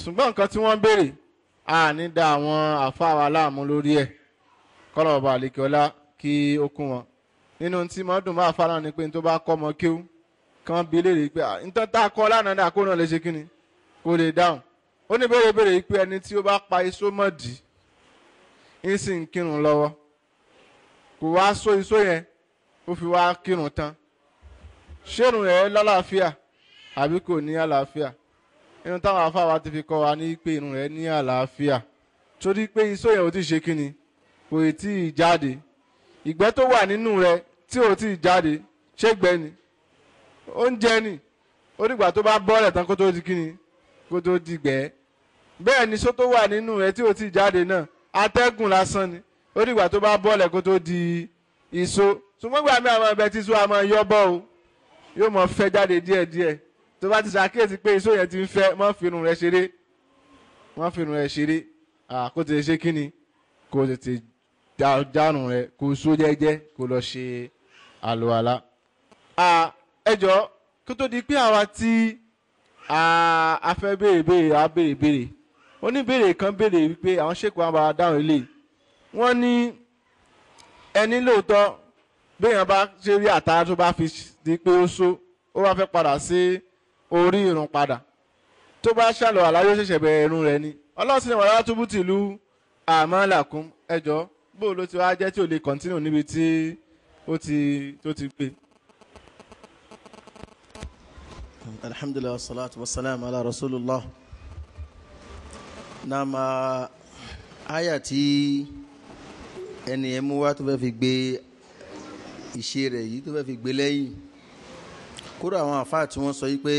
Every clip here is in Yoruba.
ṣùgbọ́n nǹkan tí wọ́n béèrè àní da àwọn àfáà wa láàmú lórí ẹ̀ kọ́lọ̀ ọba àlekíọ́lá kí ó kún wọn nínú tí mo dùn máa fara ni pé n tó bá kọ́ ọmọ kéwú kan bí léèrè pé nǹkan tá a kọ́ lánàá dà kó náà lè ṣe kí ni kó lè dáhùn ó ní béèrè béèrè pé ẹni tí ó bá pa iṣó mọ́ dì í sì ń kírun lọ́wọ́ kò wá só iṣó yẹn ó fi wá kírun tán ṣérun ẹ̀ lálàáfíà àbí kò ní àlàáfíà irun táwọn afáwa ti fi kọ́ wa ní pé irun rẹ̀ ní àlàáfíà torí pé iṣó yẹn ò tí ì ṣe kíni kò tí ì jáde ìgbẹ́ tó wà nínú rẹ̀ tí ò tí ì jáde ṣé gbẹ́ ni oúnjẹ ni ó dìgbà tó bá bọ́ọ̀lẹ̀ tán kó tó di kíni kó tó di gbẹ́ bẹ́ẹ̀ ni iṣó tó wà nínú rẹ̀ tí ò tí ì jáde náà atẹ́gùn lásán ni ó dìgbà tó bá bọ́ọ̀lẹ̀ kó tó di iṣó ṣùgbọ́n gbàmí àwọn ẹbẹ tí iṣó a máa yọ bọ́ o yóò mọ fẹ́ jáde díẹ̀díẹ̀ tó bá ti ṣàkíyèsí pé iṣó yẹn ti ń fẹ́ má fi irun rẹ ṣeré má fi irun rẹ ṣeré kó tètè ṣe kíni kó tètè dárun rẹ kó só jẹ́jẹ́ kó lọ ṣe àlùwàlá. ẹ jọ̀ọ́ kó tó di pé àwa tí a fẹ́ béèrè béèrè a béèrè béèrè oníbèrè kan béèrè wípé àwọn ṣèkù àwọn bá dáhùn ilé wọ́n ní ẹni lóòótọ́ béèyàn bá ṣe rí àtàrà tó bá fi di pé ó só ó wá fẹ́ padà sí. Si, orí irun padà tó bá ṣàlọ́ àlàyé ṣẹ̀ṣẹ̀ bẹ̀rẹ̀ irun rẹ̀ ni ọlọ́sìn ni wàhálà túbú tìlú àmọ́ làkún ẹjọ́ bó ló ti wá jẹ́ tí ò lè kọ́ntínù níbi tí ó ti tó ti gbé. alhamdulilah salatu wa salam ala rasulillah na ma aya ti. ẹni ẹ mú wá tó fẹ́ fi gbé iṣẹ́ rẹ̀ yìí tó fẹ́ fi gbé lẹ́yìn kúrò àwọn àfáà tí wọ́n sọ yí pé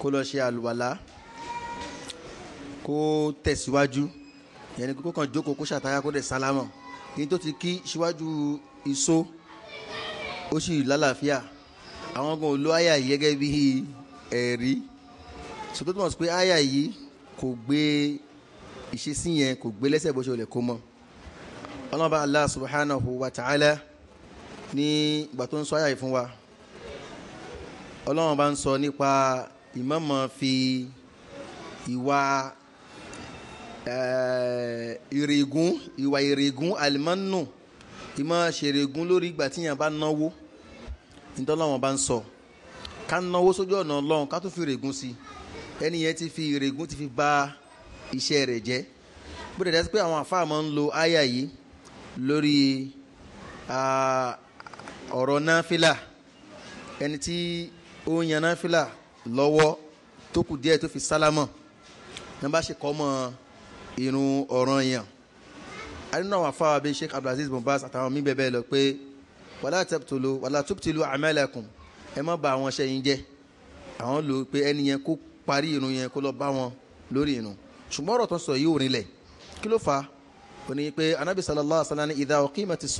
kó lọ ṣe àlùwàlá kó tẹ̀síwájú ìyẹn ni kó kàn jókòó kó ṣàtàyà kó dẹ̀ sálámọ̀ ní tó ti kí síwájú ìṣó ó sì lálàáfíà àwọn kan ò lo àyà yìí gẹ́gẹ́ bí ẹ̀rí sọtọ́tù mọ̀ sí pé àyà yìí kò gbé ìṣesí yẹn kò gbé lẹ́sẹ̀ bó ṣe olè kó mọ́ ọlọ́ba Allah subhanahu wa ta'ala ní ìgbà tó ń sọ àyà yìí fún wa ọlọ́run bá ń sọ nípa ìmọ̀mọ̀ fi ìwà eh, ìrègùn ìwà ìrègùn àlìmọ́nù ìmọ̀ ṣèrègùn lórí ìgbà tí yàn bá náwó ìtọ́lọ́wọ́n bá ń sọ ká náwó sójú ọ̀nà ọlọ́run ká tó fi ìrègùn sí ẹni yẹn ti fi ìrègùn ti fi bà iṣẹ́ rẹ̀ jẹ́ bó dẹ̀ dẹ́sí pé àwọn àfáà máa ń lo àyà yìí lórí ah, ọ̀rọ̀ náfìlà ẹni tí ó ń yan náfìlà lọ́wọ́ tó kù díẹ̀ tó fi sálámọ̀ ní bá ṣe kọ́ mọ́ irun ọ̀ràn yàn àdínà àwọn afáwà bíi Sheikh Abdulaziz Bombas àtàwọn mí bẹ́ẹ̀ lọ pé wàlá tẹ́pùtìlú wàlá tẹ́pùtìlú amẹ́lẹ̀kùn ẹ má bà àwọn ṣẹ́yìn jẹ́ àwọn lò pé ẹni yẹn kó parí irun yẹn kó lọ bá wọn lórí irun ṣùgbọ́n ọ̀rọ̀ tó sọ yìí ò rinlẹ̀ kí ló fà á pé anabi sallallahu ní idha uqimatis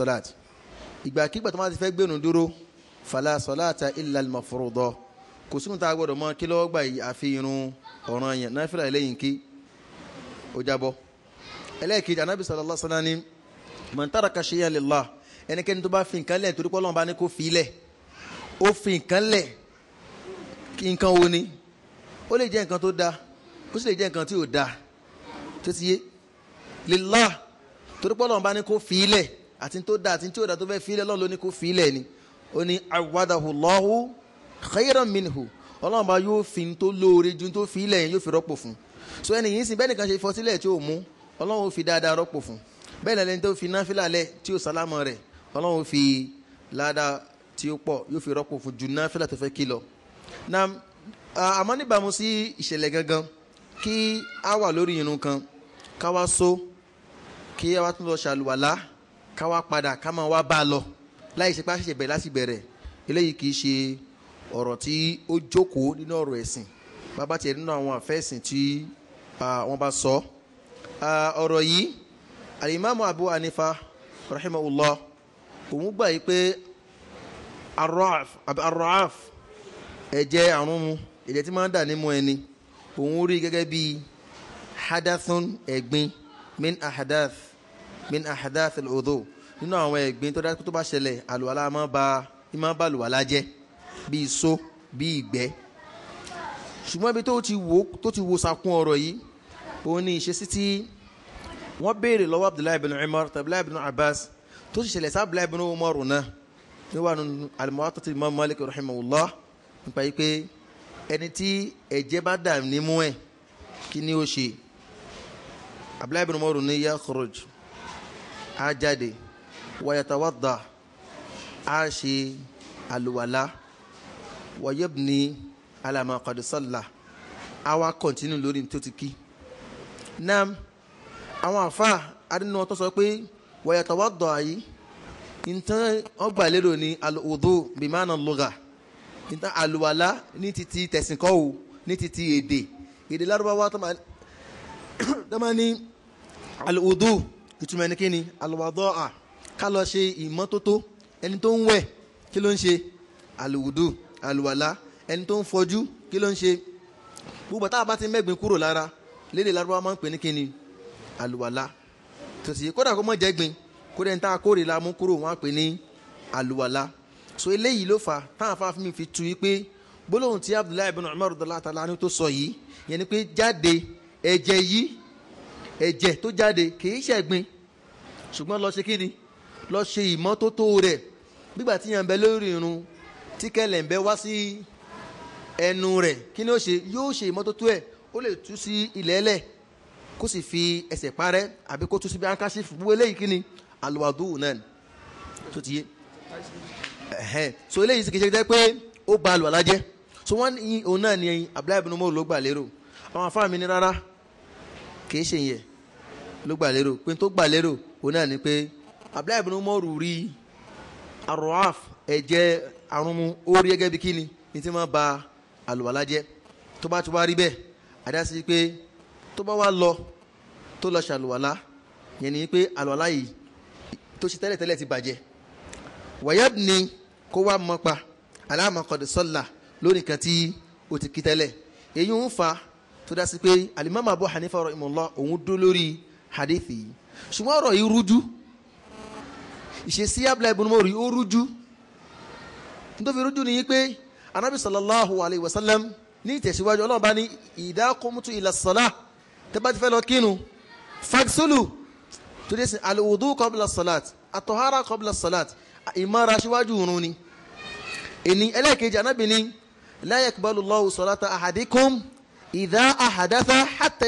fàlà sọláàtà ilà mọ̀fọ́rọ̀dọ́ kò sínú tá a gbọ́dọ̀ mọ kí lọ́wọ́ gbà yìí àfi irun ọ̀ràn yẹn náfìlà eléyìí kí ó jábọ́ ẹlẹ́ẹ̀kejì anábì sallallahu alaihi wasallam ni man taraka shay'an lillah ẹnikẹ́ni tó bá fi nǹkan lẹ̀ torí pé Ọlọ́run bá ní kó fi lẹ̀ ó fi nǹkan lẹ̀ kí nǹkan wo ni ó lè jẹ́ nǹkan tó dáa ó sì lè jẹ́ nǹkan tí ò dáa tó ti yé lillah torí pé Ọlọ́run bá fi lẹ̀ àti tó dáa àti tí ò dáa tó fẹ́ fi lẹ̀ Ọlọ́run ló ní fi lẹ̀ ni oni ní awadahullahu khayran minhu ọlọ́run bá yóò fi tó lóore ju tó fi ilẹ̀ yẹn yóò fi rọ́pò fún so ẹni yìí sìn bẹ́ẹ̀ nìkan ṣe fọsílẹ̀ tí ó mú ọlọ́run ó fi dáadáa rọ́pò fún bẹ́ẹ̀ lẹ́ni tó fi náfìlà lẹ̀ tí ó sálámọ̀ rẹ̀ ọlọ́run ó fi ládàá tí ó pọ̀ yóò fi rọ́pò fún ju náfìlà tó fẹ́ kí lọ. na àmọ́ níbàámu sí ìṣẹ̀lẹ̀ gangan kí a wà lórí irun kan ká wá so kí a wá tún lọ ṣàlùwàlá ká wá padà ká máa wá bá a lọ láì ṣe pàṣẹ bẹ̀rẹ̀ láti bẹ̀rẹ̀ eléyìí kì í ṣe ọ̀rọ̀ tí ó jókòó nínú ọ̀rọ̀ ẹ̀sìn bàbá tiẹ̀ nínú àwọn àfẹ́sìn tí wọ́n bá sọ ọ̀rọ̀ yìí alimami abu hanifa rahimahullah òun gbà yìí pé arọ́af ẹ̀jẹ̀ àrùn mu ẹ̀jẹ̀ tí máa ń dà nímú ẹni òun rí gẹ́gẹ́ bí hadathun ẹ̀gbin min ahadath min ahadath al nínú àwọn ẹ̀gbin tó dákú tó bá ṣẹlẹ̀ àlùwàlá máa ba máa ba àlùwàlá jẹ́ bíi so bíi ìgbẹ́ ṣùgbọ́n ibi tó ti wo tó ti wo sakun ọ̀rọ̀ yìí òun ni ìṣesí tí wọ́n béèrè lọ́wọ́ Abdullahi bin Umar tabulahi bin Abbas tó sì ṣẹlẹ̀ sáà Abdullahi bin Umar náà níwà nínú al-Muwatta Imam Malik rahimahullah nípa yìí pé ẹni tí ẹ̀jẹ̀ bá dà nímú ẹ̀ kí ni ó ṣe Abdullahi bin Umar ní yakhruj á wayatawadda a ṣe àlùwàlá على ما قد صلى wá kọ̀ntínú lórí tó ti kí náà àwọn àfa adínú ọtọ́ sọ pé wayatawadda yìí nǹkan ọgbà lérò ní alùwòdó bimánà lugha nǹkan àlùwàlá ní titi tẹ̀sìnkọ́ o titi èdè èdè lárúbáwá tó máa tó máa ní alùwòdó ìtumọ̀ ẹni kí ká lọ ṣe ìmọ́tótó ẹni tó ń wẹ̀ kí ló ń ṣe àlùwùdù àlùwàlá ẹni tó ń fọjú kí ló ń ṣe gbogbo tá a bá ti mẹ́gbin kúrò lára lédè lárúbá máa ń pè ní kíni àlùwàlá tòsí kódà kó mọ̀ jẹ́gbin kó dẹ́ni tá kórè la mú kúrò wọ́n á pè ní àlùwàlá so eléyìí ló fà táwọn afáfin mi fi tu yí pé gbólóhùn tí Abdullahi ibn Umar dọ̀lá àtàlà ni tó sọ yìí yẹn ni pé jáde ẹ̀jẹ̀ yìí ẹ̀jẹ̀ tó jáde kì í ṣẹ̀gbin ṣùgbọ́n lọ ṣe kíni lọ ṣe ìmọ́tótó rẹ̀ gbígbà tí yàn bẹ lórí irun tí kẹlẹ̀ ń bẹ wá sí ẹnu rẹ̀ kí ni ó ṣe yóò ṣe ìmọ́tótó ẹ̀ ó lè tú sí ilẹ̀ẹ́lẹ̀ kó sì fi ẹsẹ̀ parẹ́ àbí kó tú sí bí ankasífù gbogbo eléyìí kí ni aluwadu náà tó ti yé so eléyìí sì kì í ṣe jẹ́ pé ó ba àlùwàlá jẹ́ so wọ́n ní òun náà ni Abdullahi ibn Umar ló gbà lérò àwọn afáà mi ní rárá kì í ṣe yẹn ló gbà lérò pé tó gbà lérò òun náà ni pé abdullahi ibn umar rí arọ́af ẹ̀jẹ̀ arúnmu ó rí gẹ́gẹ́ bí kíni ní tí máa ba àlùwàlá jẹ́ tó bá ti wá rí bẹ́ẹ̀ àdásí pé tó bá wá lọ tó lọ ṣàlùwàlá yẹn ni pé àlùwàlá yìí tó ṣe tẹ́lẹ̀tẹ́lẹ̀ ti bàjẹ́ wàyáàdì ni kó wá mọ́ pa aláàmọ̀kọ̀dé sọ́là lórí nǹkan tí ó ti kí tẹ́lẹ̀ èyí ń fa tó dá sí pé alimami abu hanifa rahimahullah òun dó lórí hadithi yìí ṣùgbọ́n ọ̀rọ̀ yìí rújú ìṣesí abúlé ibùdó mọ́ rí ó rújú nítorí rújú ni yí pé anábì sallallahu alayhi wa sallam ní ìtẹ̀síwájú ọlọ́run bá ní idha qumtu ila salah tẹ́ bá ti fẹ́ lọ kínu fagsulu tó dé sin alwudu qabla salat atọ́hárà qabla salat ìmọ̀ra síwájú òrun ni ẹni ẹlẹ́ẹ̀kejì anábì ní la yaqbalu Allahu salata ahadikum idha ahadatha hatta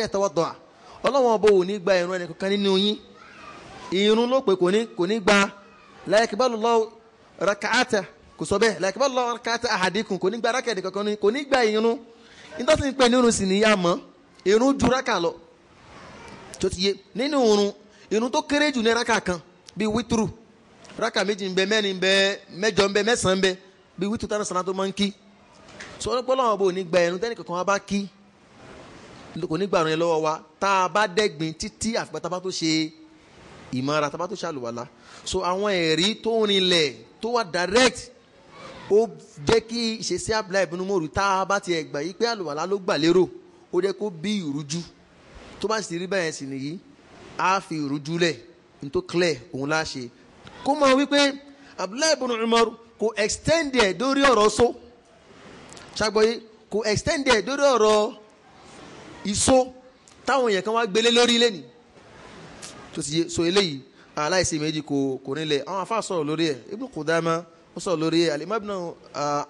ọlọ́run ọba ò ní gba ìrun ẹnì kankan ló pè kò ní gba la yakbalu Allahu rak'ata kò sọ bẹ́ẹ̀ la yakbalu Allahu rak'ata ahadikum kò ní gba rákà ẹnìkan kan ní kò ní gba irun nítorí tí ń pè ní irun sì níyà mọ́ irun ju rákà lọ tó ti yé nínú irun irun tó kéré jù ní rákà kan bíi wítúrù rákà méjì ń bẹ mẹ́rin ń bẹ mẹ́jọ ń bẹ mẹ́sàn-án ń bẹ bíi wítúrù tára sànà tó máa ń kí sọ pé Ọlọ́run bò ní gba irun tẹ́nìkankan wa bá kí kò ní gbàrún yẹn lọ́wọ́ wa tá a bá dẹ́gbin títí àfipá tá a bá tó ṣe ìmọ̀ra tá a bá tó ṣàlùwàlá so àwọn ẹ̀rí tó rinlẹ̀ tó wà direct ó jẹ́ kí ìṣesí abúlé ìbínú mòrú tá a bá tiẹ̀ gbà yí pé àlùwàlá ló gbà lérò ó jẹ́ kó bí ìrújú tó bá sì rí bẹ́ẹ̀ sì nìyí á fi ìrújú lẹ̀ ní tó clear òun lá ṣe kó mọ̀ wípé abúlé ìbínú kò extend ẹ̀ dórí ọ̀rọ̀ so ṣàgbọ́yé kò extend ẹ̀ dórí ọ̀rọ̀ ìso táwọn èèyàn kan wá gbélé lórí lẹ́nìí tó ti yé so eléyìí aláìsí méjì kò kò nílẹ̀ àwọn afa sọ̀rọ̀ lórí ẹ̀ Ibn Qudama wọ́n sọ̀rọ̀ lórí ẹ̀ alimam ibn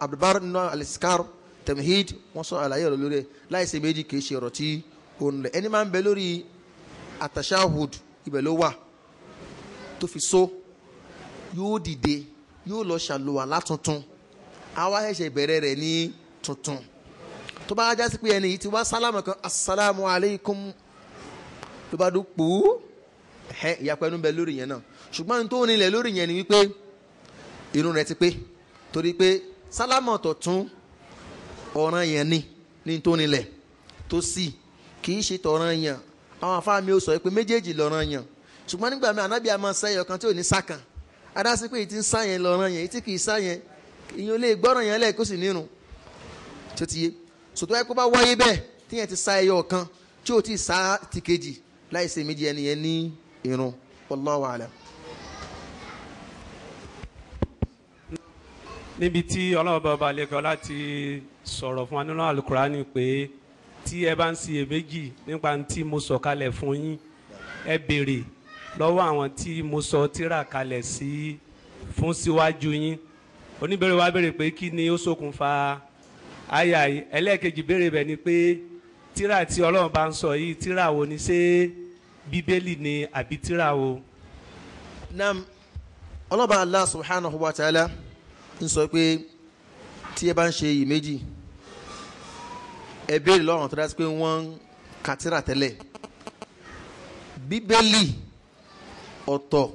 abdulbar nínú alisikar tamhid wọ́n sọ̀rọ̀ àlàyé ọ̀rọ̀ lórí ẹ̀ láìsí méjì kì í ṣe ọ̀rọ̀ tí ó nílẹ̀ ẹni máa ń bẹ lórí atashahud ibẹ̀ ló wà tó fi so yóò dìde yóò lọ ṣàlùwàlá tuntun àwa ṣẹ̀ṣẹ̀ bẹ̀rẹ̀ rẹ̀ ní tuntun tó bá jásí pé ẹni yìí ti wá sálámù kan asalaamualeykum ló bá dùn ẹ ìyapa ẹnu bẹ lórí yẹn náà ṣùgbọ́n tó nílẹ̀ lórí yẹn ni wípé irun rẹ̀ ti pé torí pé sálámà tọ̀tún ọ̀ràn yẹn ni ní tó nílẹ̀ tó sì kì í ṣe tọ̀ràn yẹn àwọn afáàmì ó sọ pé méjèèjì lọ̀ràn yẹn ṣùgbọ́n nígbà mi ànábì àmọ́ sẹ́yọ̀ kan tí ò ní sákàn adásí pé ìtì ń sá yẹn lọ̀ràn yẹn ìtì kì í sá yẹn ìyẹn lè gbọ́ràn yẹn lẹ́ẹ̀kó sì nírun tó ti yé sòtò ẹ kó bá wáyé bẹ́ẹ̀ tíyẹn ti sá ẹyọ kan tí ò tí ì sá ti kejì láì ṣe méjì ẹni yẹn ní irun wallahu alam. níbi tí ọlọ́ọ̀bá ọba lẹ́kọ̀ọ́ láti sọ̀rọ̀ fún wa nínú alukurani pé tí ẹ bá ń ṣiyèméjì nípa tí mo sọ kalẹ̀ fún yín ẹ béèrè lọ́wọ́ àwọn tí mo sọ tírà kalẹ̀ sí fún síwájú yín oníbèrè wa béèrè pé kí ni ó ṣokùnfà àyà ẹlẹ́ẹ̀kejì béèrè bẹ̀ ni pé tírà tí ọlọ́run bá ń sọ yìí tírà wo ni ṣé. Se bíbélì ni àbí tírà o. naam ọlọ́ba allah subhanahu wa ta'ala ń sọ pé tí ẹ bá ń ṣe iyèméjì ẹ béèrè lọ́rùn tó dájú pé wọ́n ń ka tírà tẹ́lẹ̀ bíbélì ọ̀tọ̀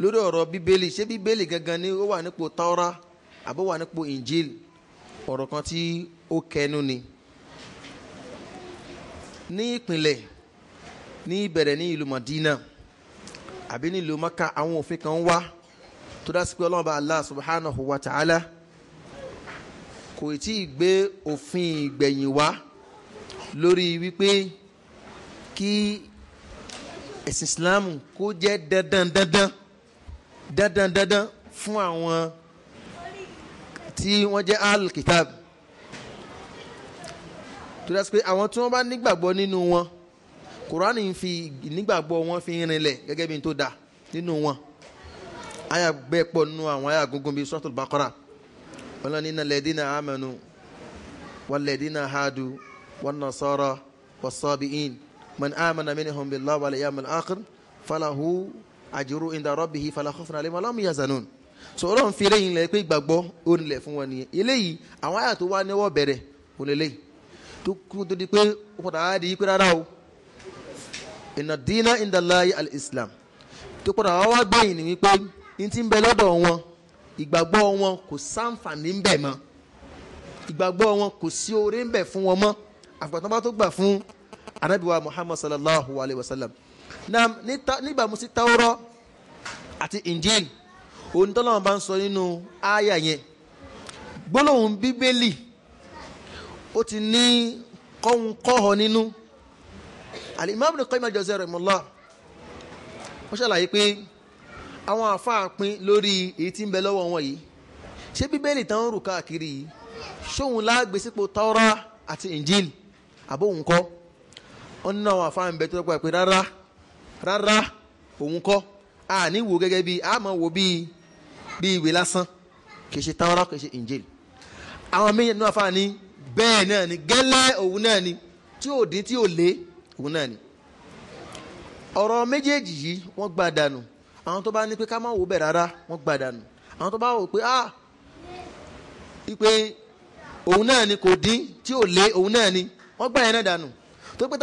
lórí ọ̀rọ̀ bíbélì ṣé bíbélì gangan ni ó wà nípò taura àbó wà nípò injil ọ̀rọ̀ kan tí ó kẹnu ni ní ìpìlẹ̀ ní ìbẹ̀rẹ̀ ní ìlú Madina àbí ní ìlú Maka àwọn òfin kan wá tó dá sí pé ọlọ́run bá Allah subhanahu wa ta'ala kò tí ì gbé òfin ìgbẹ̀yìn wá lórí wípé kí ẹ̀sìn Islam kó jẹ́ dandan dandan dandan dandan fún àwọn tí wọ́n jẹ́ al-kitab tó dá sí pé àwọn tí wọ́n bá nígbàgbọ́ nínú wọn. No Quran ń fi nígbàgbọ́ wọn fi rinlẹ̀ gẹ́gẹ́ bí n tó da nínú wọn àyà bẹ́ẹ̀ pọ̀ nínú àwọn àyà gungun bíi Suratul Baqara ọlọ́ni iná lẹ́dínà amanu wàlẹ́dínà hadu wànàsọ́rọ̀ wàsọ́bìín man amana minhum billahi wal yawmil akhir falahu àjùrú inda rabbihi fala khawfun alayhim wala hum yahzanun sọ̀rọ̀ ń fi lẹ́yìn lẹ́ pé ìgbàgbọ́ ó nílẹ̀ fún wọn nìyẹn eléyìí àwọn àyà tó wá níwọ̀ bẹ̀rẹ̀ òlélẹ́yìí di pé ó di yí pé rárá o inna dina inda Allahi al-Islam tó padà wá wá gbẹ̀yìn ni wípé ní ti ń bẹ lọ́dọ̀ wọn ìgbàgbọ́ wọn kò sáǹfààní ń bẹ mọ́ ìgbàgbọ́ wọn kò sí oore ń bẹ fún wọn mọ́ àgbàtàn bá tó gbà fún anábìwá Muhammad sallallahu alayhi wa sallam níbàámu sí Tawrah àti Injil onítọ́lọ́wọ́n bá ń sọ nínú àyà yẹn gbólóhùn bíbélì ó ti ní kọ́hún kọ́họ nínú. Al-Imam Ibn Qayyim al-Jawziyya rahimahullah wọ́n ṣàlàyé pé àwọn àfáà pín lórí èyí tí ń bẹ lọ́wọ́ wọn yìí ṣé bíbélì tán ń rù káàkiri yìí ṣóhun láàgbé sípò Tọ́ra àti Injil àbóhùn kọ́ wọ́n ní àwọn àfáà ń bẹ tó lọ́pọ̀ pé rárá rárá òun kọ́ a ní wo gẹ́gẹ́ bí a máa wo bí bí ìwé lásán kì í ṣe Tọ́ra kì í ṣe Injil àwọn méjì bẹ́ẹ̀ náà ni gẹ́lẹ́ òun náà ni tí ò dín tí ò lé òun náà ni ọ̀rọ̀ méjèèjì yìí wọ́n gbà dànù àwọn tó bá ní pé ká má wò bẹ̀ rárá wọ́n gbà dànù àwọn tó bá wò pé ah ipe òun náà ni kò dín tí ò lé òun náà ni wọ́n gbà yẹn náà dànù tó pé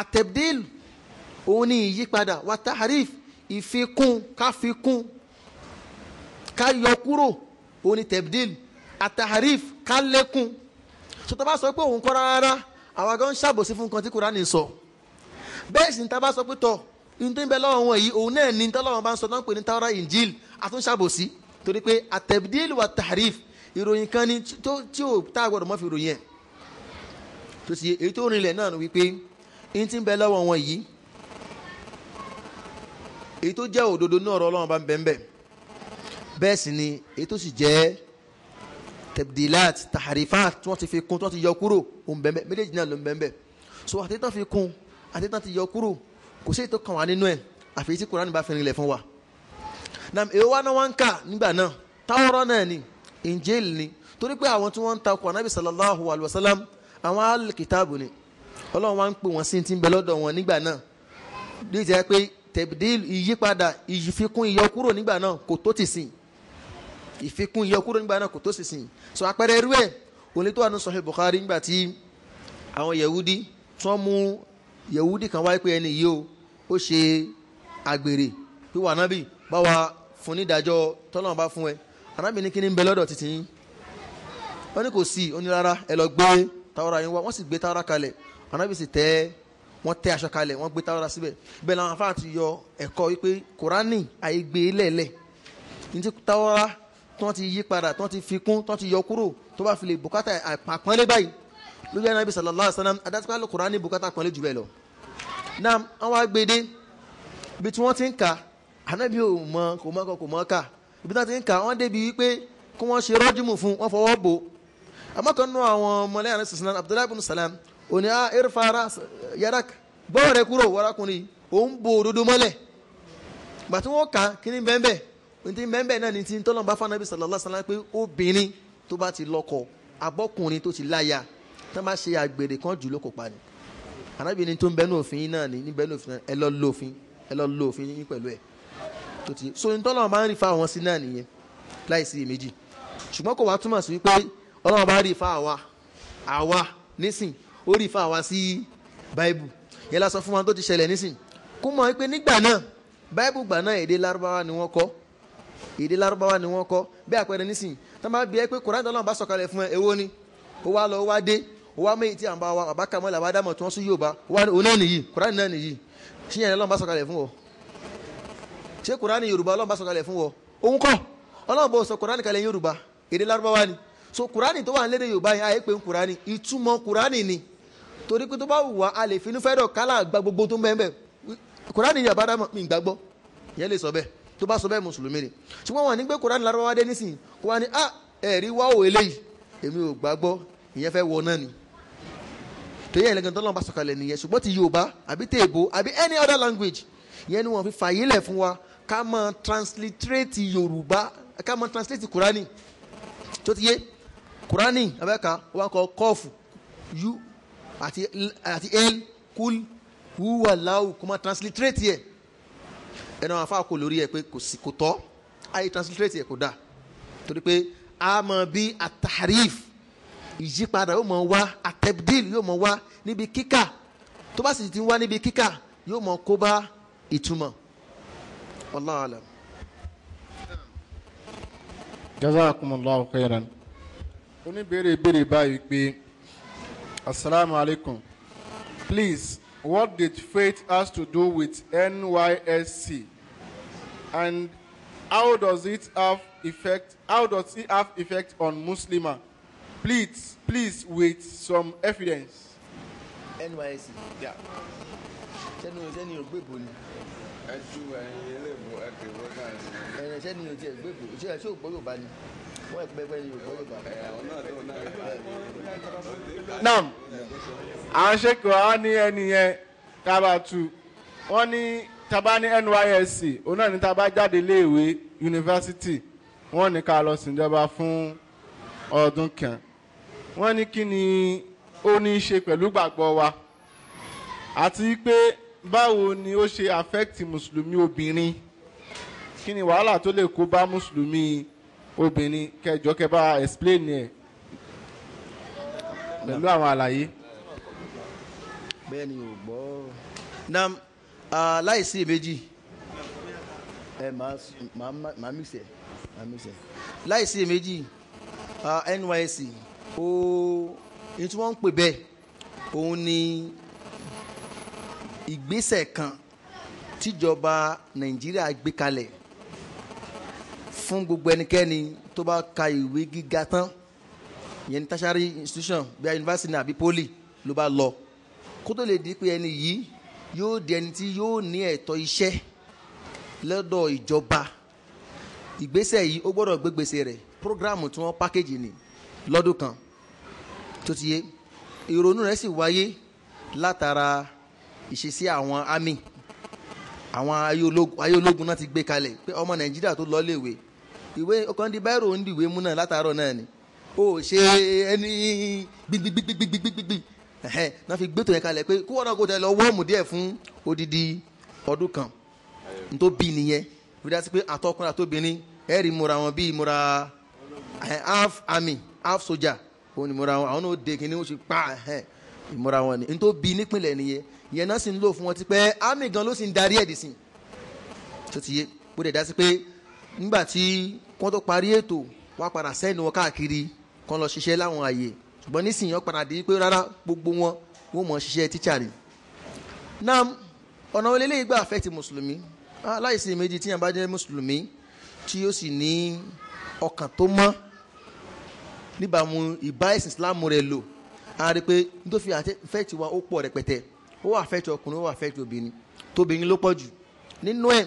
àtẹ̀bdìl òun ni ìyípadà wa taharif ìfikún káfikún káyọkúrò òun ni tẹ̀bdìl àtàharif kálékún so tá a bá sọ pé òun kọ́ rárá àwa gan ṣàbòsí fún nǹkan tí kúránì sọ bẹ́ẹ̀ sì ni tá a bá sọ pé tọ̀ ní tó ń bẹ lọ́wọ́ wọn yìí òun náà ni tọ́lọ́wọ́n bá ń sọ náà ń pè ní tawra injil àtúnṣàbòsí torí pé àtẹ̀bdìl wa taharif ìròyìn kan ni tí ò tá a gbọ́dọ̀ mọ́ fi ròyìn ẹ̀ tó sì èyí tó rinlẹ̀ náà wípé n ti bẹ lọ́wọ́ wọn yìí èyí tó jẹ́ òdodo náà ọ̀rọ̀ Ọlọ́run bá ń bẹ bẹ́ẹ̀ sì ni èyí tó sì jẹ́ tẹ̀bdìlát tàrífàt tí wọ́n ti fi kún tí wọ́n ti yọ kúrò ó ń bẹ ń bẹ méjèèjì náà ló ń bẹ so àti fi kún àti ti yọ kúrò kò sí èyí tó kàn wá nínú ẹ̀ àfi tí Kùránì bá fi rinlẹ̀ fún wa na èyí wá náà wá ń kà nígbà náà táwọ́rọ́ náà ni Injil ni torí pé àwọn tí wọ́n ń ta ọkọ̀ anábì sallallahu alayhi wa sallam àwọn ọlọ́run wá ń pè wọ́n sí ti ń bẹ lọ́dọ̀ wọn nígbà náà bí ìjẹ́ pé tẹ̀bídìl ìyípadà ìfikún ìyọkúrò nígbà náà kò tó ti sìn ìfikún ìyọkúrò nígbà náà kò tó ti sìn so àpẹẹrẹ irú ẹ̀ òní tó wà ní sọ̀hìn Bukhari nígbà tí àwọn yahudi tí wọ́n mú yahudi kan wáyé pé ẹni yìí o ó ṣe àgbèrè wíwà nábì bá wa fún nídàájọ́ tọ́lọ́run bá fún ẹ anábì ní kí ni ń bẹ lọ́dọ̀ títí yín wọ́n ní kò sí oní ẹ lọ gbé tàwọ́ra yín wá wọ́n sì gbé tàwọ́ra kalẹ̀ anábì sì tẹ́ wọ́n tẹ́ aṣọ kalẹ̀ wọ́n gbé táwọn ra síbẹ̀ bẹ́ẹ̀ làwọn afáà ti yọ ẹ̀kọ́ wípé kùránì àìgbé e lẹ̀lẹ̀ ní ti táwọn ra tí wọ́n ti yí padà tí wọ́n ti fi kún tí wọ́n ti yọ kúrò tó bá fi lè bùkátà àpọ́nlé báyìí lójú anábì sallallahu alaihi wasallam adájọ́ ló kùránì bùkátà àpọ́nlé jù bẹ́ẹ̀ lọ. náà àwọn agbede bí tí wọ́n ti ń ka anábì ò mọ kò mọ kò mọ ká ibi tí wọ́n ti ń ka wọ́n débi wípé kí wọ́n ṣe rọ́jùmù fún wọ́n fọwọ́ bò àmọ́ kan nú àwọn ọmọlẹ́yìn àrẹ òní à ah, erifara yarak bọ́ọ̀ rẹ kúrò wọ́rákùnrin òun bo òdodo mọ́lẹ̀ gbàtí wọ́n kà kíní bẹ́ẹ̀ ntí bẹ́ẹ̀ náà ní ti ń tọ́lọ́mùbá fún anabi sallallahu alaihi wasallam pé obìnrin tó bá ti lọ́kọ abọ́kùnrin tó ti láya tó bá ṣe àgbèrè kan jù ló kò pa ni anabi ni tó ń bẹ́ẹ̀ n'òfin náà ní ní bẹ́ẹ̀ n'òfin ẹ lọ lófin ẹ lọ lófin yín pẹ̀lú ẹ̀ tó ti so ní tọ́lọ́mùbá ń rí fa àwọn sí náà nìyẹn láìsí èméjì ṣùgbọ́n kò wá túmọ̀ sí wípé ọlọ́mùbá rí fa àwa àwa nísìn ó rí fáwa sí báìbù yẹn la sọ fún wa tó ti ṣẹlẹ̀ nísìn kó mọ̀ wípé nígbà náà báìbù gbà náà èdè lárúbáwá ni wọ́n kọ́ èdè lárúbáwá ni wọ́n kọ́ bí àpẹẹrẹ nísìn tó máa bí ẹ pé kòrán ìdánwò bá sọ̀kalẹ̀ fún ẹ èwo ni ó wá lọ ó wá dé ó wá méjì tí à ń bá wa bàbá kàmọ́ làbá dàmọ̀ tí wọ́n sún Yorùbá òun náà nìyí kòrán náà nìyí ṣé yẹn lọ́nà bá sọ̀kalẹ̀ fún ọ ṣé kòrán Yorùbá Ọlọ́run bá sọ̀kalẹ̀ fún ọ òun kọ́ Ọlọ́run bó sọ kòrán kalẹ̀ Yorùbá èdè lárúbáwá ni so kòrán tó wà ń lédè Yorùbá yẹn àyè pé kòrán ìtumọ̀ kòrán ni torí pé tó bá wù wá a lè finú fẹ́ràn kálá gba gbogbo tó ń bẹ́ẹ̀ yàrá bá mi gbàgbọ́ ìyẹn lè sọ bẹ́ẹ̀ tó bá sọ bẹ́ẹ̀ mùsùlùmí ni ṣùgbọ́n wọn ní pé kùránì lárúbáwá dé nísìnyí kó wá ní à ah, ẹ̀rí wá òwe léyìí èmi ò gbàgbọ́ ìyẹn fẹ́ wọ náà ni torí ẹ̀ lẹ́gàn tọ́lọ́mù bá sọ̀kalẹ̀ nìyẹn ṣùgbọ́n ti Yorùbá àbí tèèbó àbí any other language ìyẹn ni wọ́n fi fàyè lẹ̀ fún wa ká máa transliterate Yorùbá ká máa translate kùránì tó ti yé kùránì abẹ́ka wọn kọ kọ́ọ̀fù àti àti el kul wúwà láwù kó má transliterate yẹ ẹnu àwọn afáàkó lórí ẹ pé kò sí kò tọ́ àyè transliterate yẹ kò dáa torí pé a mọ bí ataharif ìyípadà yóò mọ wá atẹ́bdìl yóò mọ wá níbi kíkà tó bá sì ti wá níbi kíkà yóò mọ kó bá ìtumọ̀ wallahu alam. jazakumullahu khairan oníbèrè béèrè báyìí pé. Assalamu alaikum. Please, what did faith has to do with NYSC? And how does it have effect? How does it have effect on Muslima? Please, please with some evidence. NYSC, yeah. sẹ́ni o sẹ́ni o gbèbò ni. ẹ tú ẹyin ilé ìbò ẹ kì í wọ́n náà. ẹ̀rẹ̀ sẹ́ni o ti ẹ̀ gbèbò ṣé ẹ ṣé ò gbọ́ ni nam àwọn ṣèkò àwọn ní ẹni yẹn tábà tu wọ́n ní tábà ní NYSC òun náà ní tábà jáde iléèwé yunifásitì wọ́n ní ká lọ síjọba fún ọdún kan wọ́n ní kí ni ó ní í ṣe pẹ̀lú gbàgbọ́ wa àti pé báwo ni ó ṣe affect mùsùlùmí obìnrin kí ni wàhálà tó lè kó bá mùsùlùmí obìnrin kẹjọ kẹ bá explain ẹ pẹ̀lú àwọn àlàyé. bẹ́ẹ̀ o ò Nam na láìsí èméjì ẹ máa mix ẹ máa mix ẹ láìsí èméjì NYSC ó ní tí wọ́n ń pè bẹ́ẹ̀ òun ni ìgbésẹ̀ kan tíjọba Nàìjíríà gbé kalẹ̀ fún gbogbo ẹnikẹ́ni tó bá ka ìwé gíga tán ìyẹn ní tertiary institution bíi university àbí poli ló bá lọ kó tó lè di pé ẹni yìí yóò di ẹni tí yóò ní ẹ̀tọ́ iṣẹ́ lọ́dọ̀ ìjọba ìgbésẹ̀ yìí ó gbọ́dọ̀ gbégbèsè rẹ̀ programu tí wọ́n pákéjì ní lọ́dún kan tó ti yé ìrònú rẹ̀ sì wáyé látara ìṣesí àwọn àmì àwọn ayé ológun náà ti gbé kalẹ̀ pé ọmọ nàìjíríà tó lọ léèwé ìwé ọkàn di báyìí rò ń di ìwé mú náà látàárọ̀ náà ni o ṣe ẹni gbigbigbigbigbigbigbigbi náà fi gbẹ́tò yẹn kalẹ̀ pé kó wọ́n náà kó tẹ lọ wọ́ọ̀mù díẹ̀ fún odidi ọdún kan n tó bí nìyẹn fi dá sí pé àtọkùnrin àtobìnrin ẹ rí múra wọn bíi múra half army half soldier òun ni múra wọn àwọn náà dé kínní wọn ṣe pa ìmúra wọn ni n tó bí nípìnlẹ̀ nìyẹn yẹn náà sì ń lò fún wọn ti pẹ́ army gan ló sì ń darí ẹ̀ dì sí tó ti yé bó dẹ̀ dá sí pé nígbà tí wọ́n tó parí ètò wọ́n padà sẹ́ni wọn káàkiri kan lọ ṣiṣẹ́ láwọn àyè ṣùgbọ́n nísìnyí wọ́n padà di pé rárá gbogbo wọn wọ́n mọ̀ ṣiṣẹ́ tíṣà ni. náà ọ̀nà olélé ìgbà àfẹ́ ti mùsùlùmí aláìsí ah, méjì tí bá jẹ́ mùsùlùmí tí ó sì ní ọkàn tó mọ́ níbàámu ìbá ẹ̀sìn Islam rẹ̀ lò á rí i pé nítorí àfẹ́ tiwa ó pọ̀ rẹpẹtẹ ó wà fẹ́ ti ọkùnrin ó wà fẹ́ ti obìnrin tóbìnrin ló pọ̀ jù nínú ẹ̀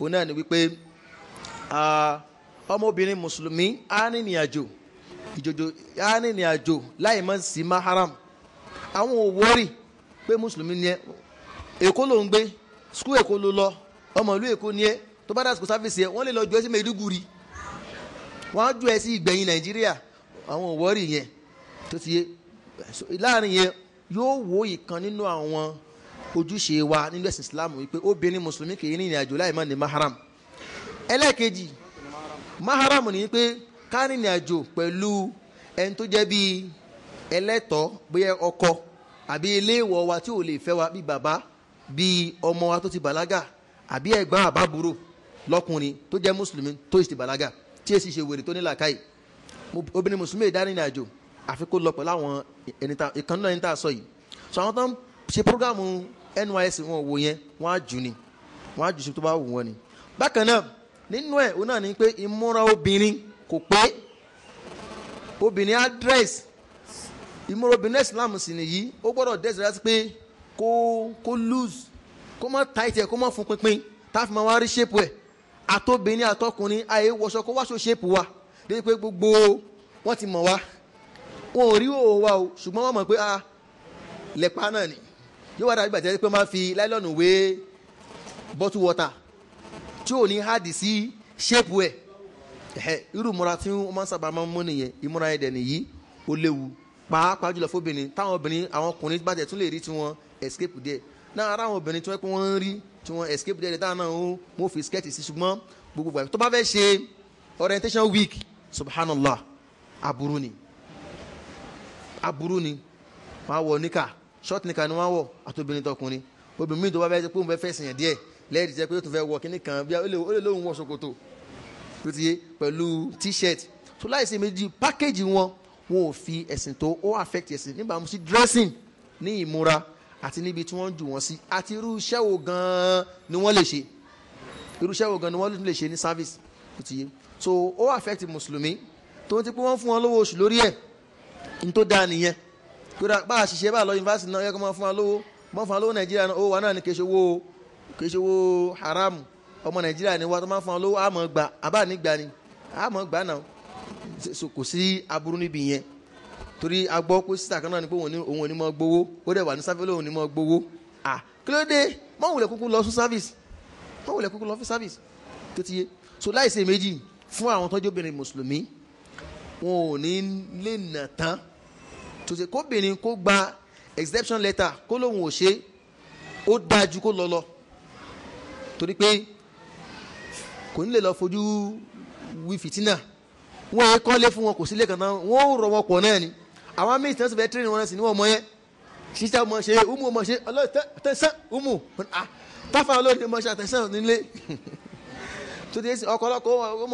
òun náà ni wípé ọmọbìnrin mùsùlùmí á rìnrìn àjò ìjòjò á rìnrìn àjò láì mọ̀ sí maharam àwọn ò wọ́rì pé mùsùlùmí ni ẹ èkó ló ń gbé skul èkó ló lọ ọmọ èkó ni ẹ tó bá dà skul sáfìsì ẹ wọ́n lè lọ ju ẹ sí Maiduguri wọ́n á ju ẹ sí ìgbẹ̀yìn Nàìjíríà àwọn ò wọ́rì yẹn tó ti yé láàrin yẹn yóò wo ìkan nínú àwọn ojúṣe wa nínú ẹ̀sìn Islam wípé obìnrin mùsùlùmí kì í rìnrìn àjò láì mọ̀ ní maharam ẹlẹ́ẹ̀kejì maharam ni pé kárìnrìn àjò pẹ̀lú ẹni tó jẹ́ bíi ẹlẹ́tọ̀ọ́ bóyá ọkọ àbí iléèwọ̀ wa tí ò lè fẹ́ wa bíi bàbá bíi ọmọ wa tó ti bàlágà àbí ẹ̀gbọ́n àbábúrò lọ́kùnrin tó jẹ́ mùsùlùmí tó ti bàlágà tí èsì ṣe wèrè tó ní làákàyè obìnrin mùsùlùmí ìdárìnrìn àjò àfi kó lọ pẹ̀lú àwọn ìkànnì náà ní tá a sọ yìí so àwọn tó ń ṣe prógámù NYSC wọn wò yẹn wọn á jù ni wọn á jù sí tó bá wù wọn ni bákan náà nínú ẹ̀ òun náà ni pé ìmúra obìnrin kò pé obìnrin á dress ìmúra obìnrin Islam sì nìyí ó gbọ́dọ̀ dress láti pé kó kó loose kó má tight ẹ̀ kó má fún pínpín táfi máa wá rí shape ẹ̀ àtobìnrin àtọkùnrin àyè wọṣọ kó wáṣọ shape wa débi pé gbogbo wọn ti mọ̀ wá wọn ò rí òun wa o ṣùgbọ́n wọ́n mọ̀ pé a ah, lẹ̀pa náà ni yóò wá dàbí bàtẹ́ pé wọ́n máa fi láìlọ́nù wé bottle water tí ò ní háàdì sí ṣéèpù ẹ̀ irú ìmúra tí wọ́n máa ń sábà máa ń mú nìyẹn ìmúra ẹ̀dẹ̀ nìyí ó léwu pàápàá jùlọ fóbìnrin táwọn obìnrin àwọn ọkùnrin bàjẹ́ tún lè rí tiwọn escape díẹ̀ náà ara àwọn obìnrin tí wọ́n pé wọ́n ń rí tí escape díẹ̀ táwọn náà ń mú fi skirt sí ṣùgbọ́n gbogbo gbàgbé tó bá fẹ́ ṣe orientation week subhanallah aburú ni aburú ni wọ́n á wọ níkà short níkà ni wọ́n á wọ àtòbìnrin tọkùnrin obìnrin mi tó bá fẹ́ ṣe pé òun fẹ́ fẹ́ sìn díẹ̀ lẹ́ẹ̀dì jẹ́ pé ó tún fẹ́ wọ kíní kan bí ó lè lóun wọ ṣòkòtò tó ti yé pẹ̀lú t-shirt tó láìsí méjì pákéjì wọn wọn ò fi ẹ̀sìn tó ó affect ẹ̀sìn níbàámu sí dressing ní ìmúra àti níbi tí wọ́n jù wọ́n sí àti irú iṣẹ́ wo gan-an ni wọ́n lè ṣe irú iṣẹ́ wo gan-an ni wọ́n lè ṣe ní service tó ti yé so ó affect mùsùlùmí tó ń ti pé wọ́n fún wọn lówó oṣù lórí ẹ̀ ní tó dáa nìyẹn kódà bá a ṣiṣẹ́ bá a lọ yunifásitì náà yẹ kó máa fún wa lówó máa fún wa lówó nàìjíríà náà ó wà náà ní kí owó o kì í ṣe haram ọmọ nàìjíríà ni wá tó máa ń fún ọ lówó àmọ́ gbà àbá nígbà ni àmọ́ gbà náà kò sí aburú níbi yẹn torí a gbọ́ pé sísà kan náà ni pé òun ò ní mọ gbowó ó dẹ̀ wà ní sáfẹ́ lóun ò ní mọ gbowó à kí ló dé mọ wulẹ̀ kúkú lọ fún service mọ wulẹ̀ kúkú lọ fún service tó ti yé so láìsí méjì fún àwọn tọ́jú obìnrin mùsùlùmí wọn ò ní lè nà tán tó ṣe kóbìnrin kó gba exception letter kó lóun ò ṣe ó dájú kó lọ lọ torí pé kò ní lè lọ fojú wí fìtínà wọ́n yẹ kọ́lé fún wọn kò sílé kan náà wọ́n ò rọ̀ wọn pọ̀ náà ni àwọn méjì náà sì fẹ́ tírìn wọn sí níwọ̀n mọ́ yẹn sísá ọmọ ṣe umu ọmọ ṣe tẹsán umu táfà olóòdì ọmọ ṣe àtẹsán nílé tó ti ṣe ọkọ ọlọ́kọ yóò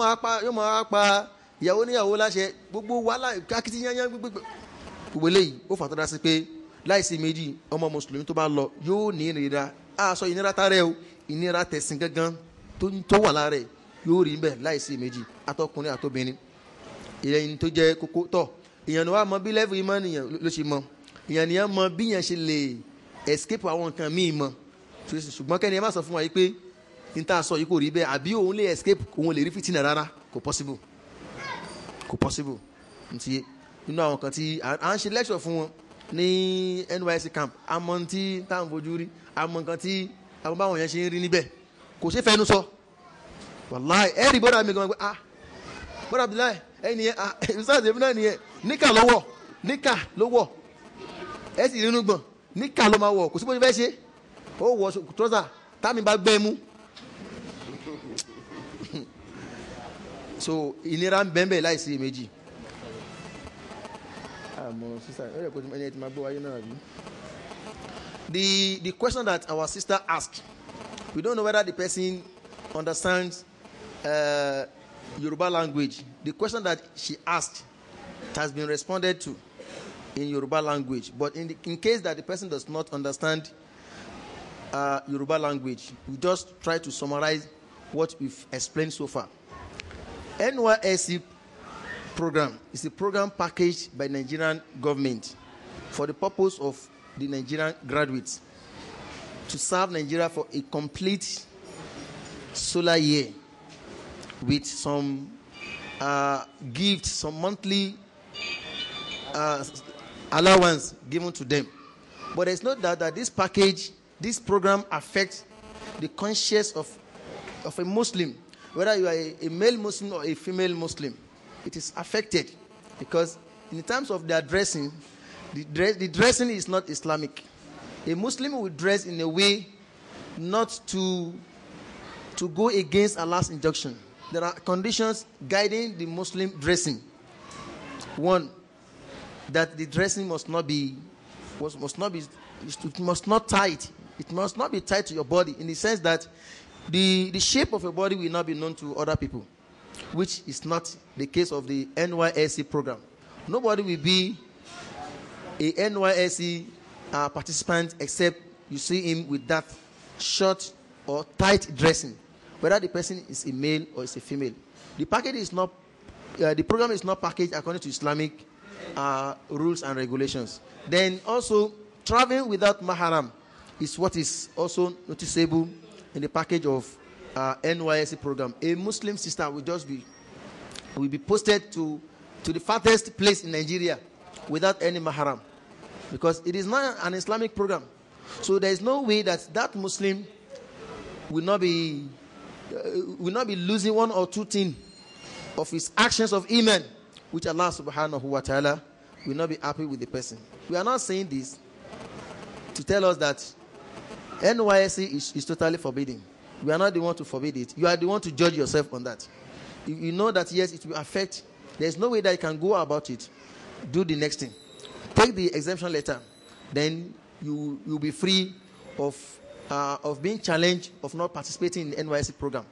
máa pa ìyàwó níyàwó láṣẹ gbogbo wàhálà akitiyanyan gbogbo eléyìí ó fàtọ́ra sí pé láìsí méjì ọmọ mùsùlùmí tó bá lọ yóò ní ìnira àṣọ ìnira tààrẹ o ìnira tẹ̀sìn gangan tó wà lára ẹ̀ yóò rí bẹ́ẹ̀ láìsí méjì àtọkùnrin àtobìnrin ìyẹn tó jẹ́ kókó tọ̀ ìyẹn ni wàá mọ bí lẹ́fù ìmọ̀ nìyẹn ló ṣe mọ ìyẹn nìyẹn mọ bí yẹn ṣe lè escape àwọn nǹkan míì mọ ṣùgbọ́n kẹ́ni ẹ má sọ fún wa yìí pé n ta sọ yìí kò rí bẹ́ẹ̀ àbí òun lè escape òun lè rí fìtínà rárá kò possible kò possible nti inú àwọn kan tí à ń ṣe lecture fún wọn ní NYSC camp àmọ́ ntí táwọn fojú rí àmọ́ nǹkan tí àwọn báwọn yẹn ṣe ń rí níbẹ̀ kò ṣe fẹnu sọ wàláì ẹ rí bọ́dà mi gan pé ah bọ́dà Abdullahi ẹni yẹn ah ìbísàdì ẹbí náà nìyẹn níkà ló wọ̀ níkà ló wọ̀ ẹ sì rínú gbọ̀n níkà ló máa wọ̀ kò sí bó ṣe fẹ́ ṣe ó wọ̀ trọ́sà táàmì bá gbẹ́ mú so ìnira ń bẹ́ẹ̀ bẹ́ẹ̀ láìsí méjì àmọ́ sísá ẹ̀rẹ́ kò tí mo ẹni ẹ ti máa gbọ́ wáyé náà rí. The, the question that our sister asked, we don't know whether the person understands uh, Yoruba language. The question that she asked has been responded to in Yoruba language. But in, the, in case that the person does not understand uh, Yoruba language, we just try to summarize what we've explained so far. NYSC program is a program packaged by Nigerian government for the purpose of the Nigerian graduates to serve Nigeria for a complete solar year with some uh, gifts, some monthly uh, allowance given to them. But it's not that, that this package, this program affects the conscience of, of a Muslim, whether you are a, a male Muslim or a female Muslim. It is affected because, in terms of their dressing, the, dress, the dressing is not Islamic. A Muslim will dress in a way not to, to go against Allah's injunction. There are conditions guiding the Muslim dressing. One, that the dressing must not be, was, must not be, it must not tight. it. It must not be tied to your body in the sense that the, the shape of your body will not be known to other people, which is not the case of the NYSC program. Nobody will be a NYSE uh, participant, except you see him with that short or tight dressing, whether the person is a male or is a female. The package is not, uh, the program is not packaged according to Islamic uh, rules and regulations. Then also, traveling without maharam is what is also noticeable in the package of uh, program. A Muslim sister will just be will be posted to to the farthest place in Nigeria without any maharam. Because it is not an Islamic program. So there is no way that that Muslim will not be, uh, will not be losing one or two things of his actions of Iman, which Allah subhanahu wa ta'ala will not be happy with the person. We are not saying this to tell us that NYSC is, is totally forbidden. We are not the one to forbid it. You are the one to judge yourself on that. You, you know that yes, it will affect. There is no way that you can go about it. Do the next thing. Take the exemption letter, then you you'll be free of uh, of being challenged of not participating in the NYC program.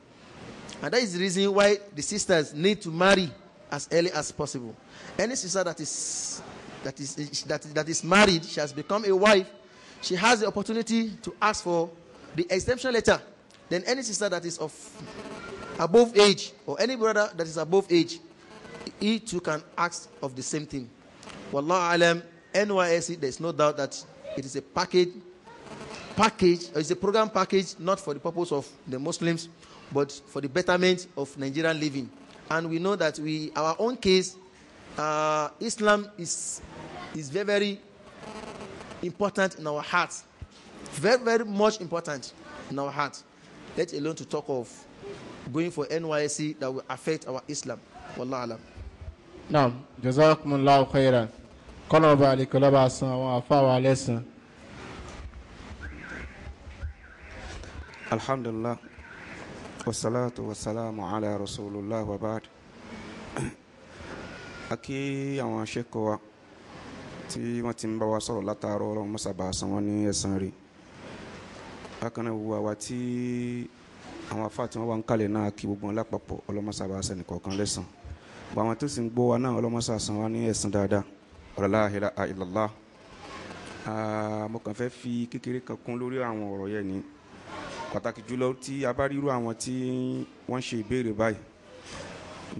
And that is the reason why the sisters need to marry as early as possible. Any sister that is that is that, that is married, she has become a wife, she has the opportunity to ask for the exemption letter. Then any sister that is of above age or any brother that is above age, he too can ask of the same thing. Wallah alam, NYSC, there's no doubt that it is a package, package, it's a program package not for the purpose of the Muslims, but for the betterment of Nigerian living. And we know that we, our own case, uh, Islam is, is very, very important in our hearts. Very, very much important in our hearts. Let alone to talk of going for NYC that will affect our Islam. Wallah alam. naam jazakumullahu khairan kọ́nà ọba àlekọ́lá bá san àwọn àfáwà lẹ́sàn. alhamdulillah wasalaatu wasalaamu ala rasulillah wa baad aki àwọn aṣẹ́kọ̀ọ́ wa tí wọ́n ti ń bá wa sọ̀rọ̀ látàárọ̀ ọlọ́run mọ́sàbà san wọ́n ní ẹ̀san rí bákan náà wo àwa tí àwọn afáàtì wọn wá ń kalẹ̀ náà kí gbogbo wọn lápapọ̀ ọlọ́mọsàbà sẹ́nìkọ̀ọ̀kan lẹ́sàn-án àwọn tó sì ń gbọ́ wa náà ọlọ́mọṣà san wa ní ẹ̀sìn dáadáa ọ̀rọ̀ láàhìlá àìlọ́lá mo kàn fẹ́ fi kékeré kan kún lórí àwọn ọ̀rọ̀ yẹn ni pàtàkì jùlọ tí a bá rírú àwọn tí wọ́n ṣe ìbéèrè báyìí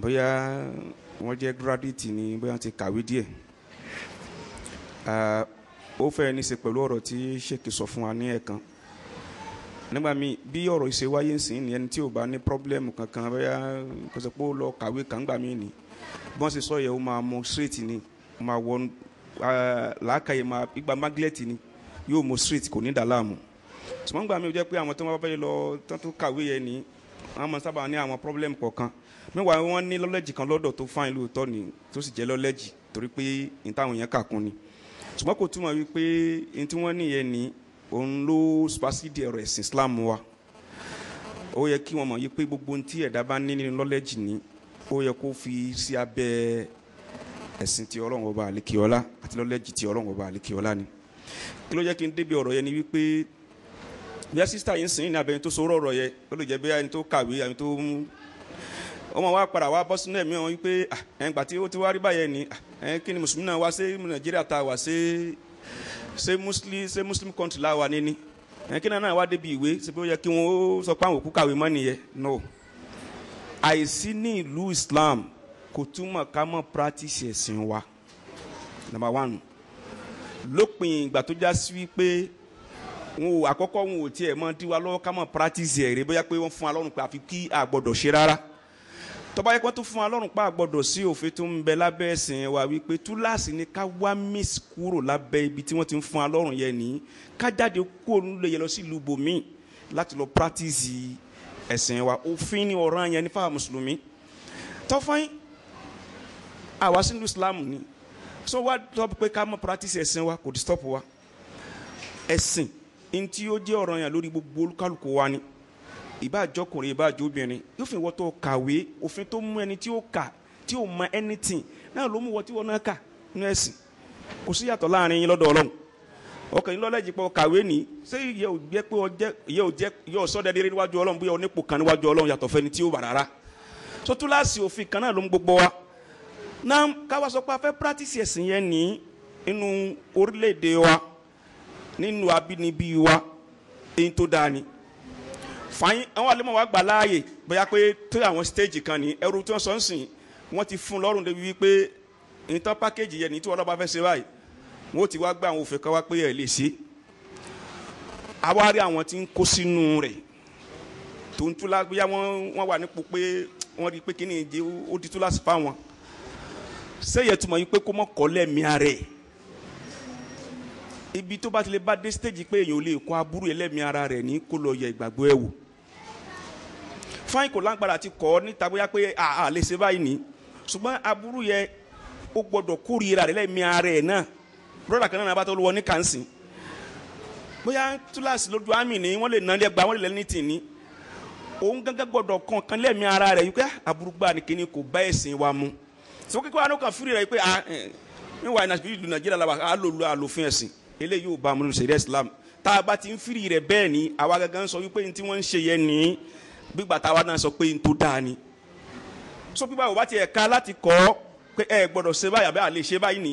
bóyá wọ́n jẹ́ gírádìtì ni bóyá wọ́n ti kàwé díẹ̀ ó fẹ́ ní í ṣe pẹ̀lú ọ̀rọ̀ tí ṣèkì sọ fún wa ní ẹ̀kan nígbà míì bí ọ̀rọ̀ ìṣe wáyé ń sìn ní ẹni tí ò bá ní pọ́blẹ́mù kankan bóyá kò pé ó lọ kàwé kan gbà míì ni bí wọ́n ṣe sọ yẹ ó máa mọ straight ni máa wọ làákàyè máa igba maglet ni yóò mọ straight kò ní dà láàmú ṣùgbọ́n nígbà míì ó jẹ́ pé àwọn tó máa fẹ́ lọ tán tó kàwé yẹn ni wọ́n máa sábà ní àwọn pọ́blẹ́mù kọ̀ọ̀kan mẹ́wàá wọ́n ní lọ́lẹ́jì kan lọ́dọ̀ tó fáìn lóòótọ́ ni tó sì jẹ́ lọ́lẹ́jì torí pé ìtàwọn yẹn kàkún ni ṣùgbọ́n kò túmọ̀ wípé ní tí wọ́n níyẹn ni òun ló spasidi ẹ̀rọ ẹ̀sìn Islam wa ó yẹ kí wọ́n mọ̀ yí pé gbogbo ohun tí ẹ̀dá bá ní nínú knowledge ni ó yẹ kó fi sí abẹ́ ẹ̀sìn ti Ọlọ́run ọba àlekèọlá àti knowledge ti Ọlọ́run ọba àlekèọlá ni kí ló jẹ́ kí n débi ọ̀rọ̀ yẹn ni wípé bí asista yìí ń sìn ní abẹ́ni tó sọ̀rọ̀ ọ̀rọ̀ yẹn ó lè jẹ́ bí ẹni tó kàwé ẹni tó mú ọmọ wa padà wá bọ́ sínú ẹ̀mí wọn wípé ẹ̀ǹgbà tí ó ti wá rí báyẹn ni kí ni mùsùlùmí náà wá sí Nàìjíríà ta wá sí ṣé muslim ṣé muslim country la wa nini? kí náà náà wá débi ìwé ṣe pé ó yẹ kí wọn ó sọ pé àwọn òkú kàwé mọ́ nìyẹn no àìsí ní ìlú islam kò túmọ̀ ká mọ́ practice ẹ̀sìn wa number one lópin ìgbà tó já sí wípé wọn ò àkọ́kọ́ wọn ò tiẹ̀ mọ́ tiwa lọ́wọ́ ká mọ́ practice ẹ̀ rẹ bóyá pé wọ́n fún wa lọ́rùn pé àfi kí a ṣe rárá tọ́ba yẹ kó tún fún wa lọ́rùn pa àgbọ̀dọ̀ sí òfin tó ń bẹ lábẹ́ ẹ̀sìn wa wípé túláàsì ni ká wá miss kúrò lábẹ́ ibi tí wọ́n ti ń fún wa lọ́rùn yẹn ní ká jáde kúrò nílé yẹn lọ sí ìlú bòmíì láti lọ practice ẹ̀sìn wa òfin ni ọ̀ràn yẹn ní fáwọn mùsùlùmí tọ́fọ́n àwa sínú Islam ni so wá tọ́ pé ká mọ̀ practice ẹ̀sìn wa kò disturb wa ẹ̀sìn ntí ó jẹ́ ọ̀ràn yẹn lórí gbogbo olúkálùkù wa ni ìbá àjọkùnrin ìbá àjọbìnrin yóò fi wọ́n tó kàwé òfin tó mú ẹni tí ó kà tí ó mọ anything náà ló mú wọ́n tí wọ́n náà kà nínú ẹ̀sìn kò sí yàtọ̀ láàrin yín lọ́dọ̀ ọlọ́run ọkàn yín lọ́lẹ́jì pé kàwé ní ṣé ìyẹ ò jẹ́ pé ìyẹ ò jẹ́ ìyẹ ò sọ́dẹ̀ dé níwájú ọlọ́run bóyá onípò kan níwájú ọlọ́run yàtọ̀ fẹ́ni tí ó wà rárá so òfin kan náà ló ń gbogbo wa náà káwa sọ pé a fẹ́ ẹ̀sìn yẹn ní inú orílẹ̀-èdè wa nínú abínibí wa èyí tó dáa ni fàáyín àwọn àlẹ́ mọ̀ wá gbà láàyè bóyá pé tó àwọn stéèjì kan ní ẹrú tí wọ́n sọ ń sìn wọ́n ti fún lọ́rùn débi wípé nǹkan pákéjì yẹn ní tí wọ́n lọ́ba fẹ́ ṣe báyìí wọ́n ti wá gbé àwọn òfin kan wá pé ẹ̀ lè ṣe àwárí àwọn tí ń kó sínú rẹ̀ tó ń túlá bóyá wọ́n wà nípò pé wọ́n rí pé kí ni ìdí ó di túlá sí fáwọn sẹ́yẹ̀ túmọ̀ yín pé kó mọ̀ kọ́ lẹ́mìá rẹ̀ ibi tó bá ti lè bá dé stéèjì pé èèyàn ò lè kó aburú ẹlẹ́mìí ara rẹ̀ ní kó lọ yẹ ìgbàgbọ́ ẹ̀ wò fáìn kò lágbára ti kọ́ níta bóyá pé a ah, ah, lè ṣe báyìí ni ṣùgbọ́n aburú yẹ ó gbọ́dọ̀ kórìíra rẹ̀ lẹ́mí ara ẹ̀ náà brọ́dà kan náà bá tó lọ ní kàǹsì bóyá túláàsì lójú àmì ni wọ́n lè nàlẹ́ gba wọ́n lè lẹ́ni tì ní òun gángan gbọ́dọ̀ kàn kan lẹ́mí ara rẹ̀ yìí pé ah, aburú gbà ní kíní kò bá ẹ̀sìn wa mu sọ kíkọ́ àánú kan fúri rẹ̀ yìí pé ah mi eh, wà ní ìlú nàìjíríà làwà gbígbà táwa náà sọ pé n tó dáa ni so bí báwo bá tiẹ̀ ká láti kọ́ pé ẹ gbọ́dọ̀ ṣe báyìí àbí àlè ṣe báyìí ni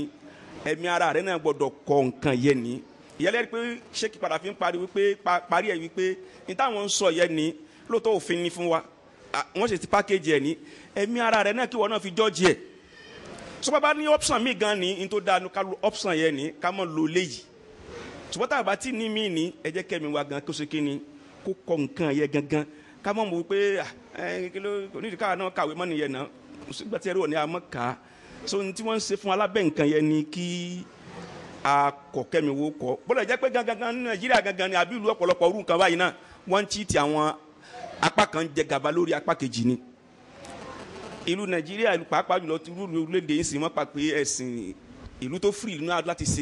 ẹ̀mí ara rẹ náà gbọ́dọ̀ kọ nǹkan yẹn ni ìyẹlẹ pé ṣéèkì padà fi ń parí wípé parí ẹ wípé ní táwọn ń sọ yẹn ni lóòótọ́ òfin ni fún wa wọ́n sì ti pákéjì ẹ̀ ní ẹ̀mí ara rẹ náà kí wọ́n náà fi jọ́ọ̀jì ẹ̀ sọgbà bá ní option mi gan ni n tó dáa ní ká option yẹn ni ká mọ̀ lo léyìí ṣùgbọ́n tá bá ti ní mí ni ẹ jẹ́ kẹ́mi wa gan kó ṣe kí ni kó kọ nǹkan yẹn gangan ká mọ̀ mọ̀ wípé kí ló onídìí káwa náà kàwé mọ́ nìyẹn náà sígbà tí ẹrú ọ̀ ní amọ́ ká so ní tí wọ́n ń ṣe fún alábẹ́ yẹn ni kí akọ̀kẹ́mi wo kọ́ bọ́lá jẹ́ pé gangan ní Nàìjíríà gangan ni àbí ìlú ọ̀pọ̀lọpọ̀ ọdún kan báyìí náà wọ́n ń ti àwọn apá kan jẹ gàba lórí apá kejì ni ìlú Nàìjíríà ìlú pàápàá jùlọ ti rúlu orílẹ̀-èdè yìí sì wọ́n pa pé ẹ̀sìn ìlú tó fìrì náà láti ṣe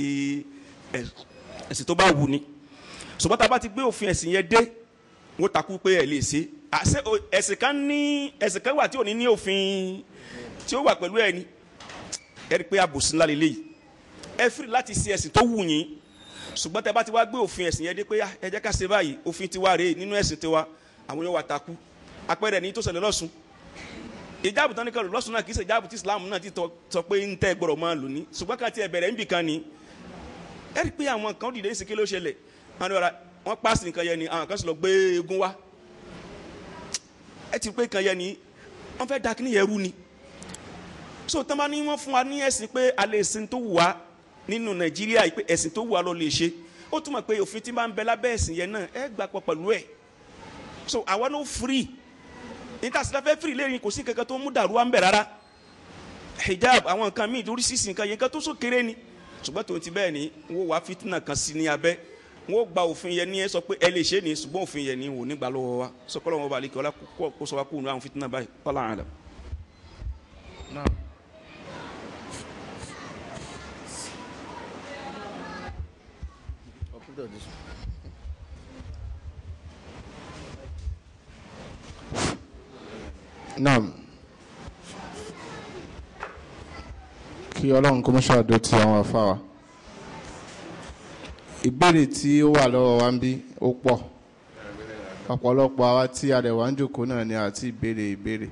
ẹ̀sìn tó bá wù ni ṣùgbọ́n tá a bá ti gbé òfin ẹ̀sìn yẹn dé wọ́n takú pé ẹ lè ṣe àṣẹ kan ní ẹ̀sìn kan wà tí ò ní ní òfin tí ó wà pẹ̀lú ẹ̀ ni ẹ rí i pé àbòsí ńlá lélẹ́yìí ẹ fìrì láti ṣe ẹ̀sìn tó wù yín ṣùgbọ́n tẹ́ bá ti wá gbé òfin ẹ̀sìn yẹn dé pé ah, ẹ jẹ́ ká ṣe báyìí òfin tiwa rèé nínú ẹ̀sìn tiwa àwọn yóò wá takú àpẹẹrẹ ní tó ṣẹlẹ̀ lọ́sùn ìjáàbù tán ní kẹrù lọ́sùn náà kì í ṣe ìjáàbù tí Islam náà ti sọ pé ń tẹ́ gbọ́dọ̀ máa lò ní ṣùgbọ́n ká tiẹ̀ bẹ̀rẹ̀ níbì kan ni ẹ rí i pé àwọn kan dìde ń ṣe kí ló ṣẹlẹ̀ wọn ọ̀rọ̀ wọ́n pàṣẹ nǹkan yẹn ni àwọn kan sì lọ gbé egun wá ẹ ti ni wọ́n fẹ́ da kí ni so tán bá ní wọ́n fún wa ní ẹ̀sìn pé alẹ́ ẹ̀sìn tó wù wá nínú nàìjíríà pé ẹ̀sìn tó wù wá ló lè ṣe ó túmọ̀ pé òfin tí ń bẹ lábẹ́ ẹ̀sìn yẹn náà ẹ gbà pọ̀ so àwa ló níta sí lẹ́yìn kò sí wa ń bẹ̀ rárá hijab àwọn nǹkan míì nǹkan yẹn ni ṣùgbọ́n tòun ti bẹ́ẹ̀ ni wọ́n wá kan sí n ó gba òfin yẹn ní ẹ sọ pé ẹ lè ṣe ní ṣùgbọ́n òfin yẹn ní wò nígbà lọ́wọ́ wa sọkọlọ́ wọn balẹ̀ kí ọlá kó sọ wa kó nu àwọn fitinna báyìí kọ́lá àdàm. naam kí ọlọ́run kó mọ́ dó ti àwọn afáwa ìbéèrè tí ó wà lọ́wọ́ wa ń bí ó pọ̀ ọ̀pọ̀lọpọ̀ àwa tí a rẹ̀ wá ń jòkó náà ni àti ìbéèrè ìbéèrè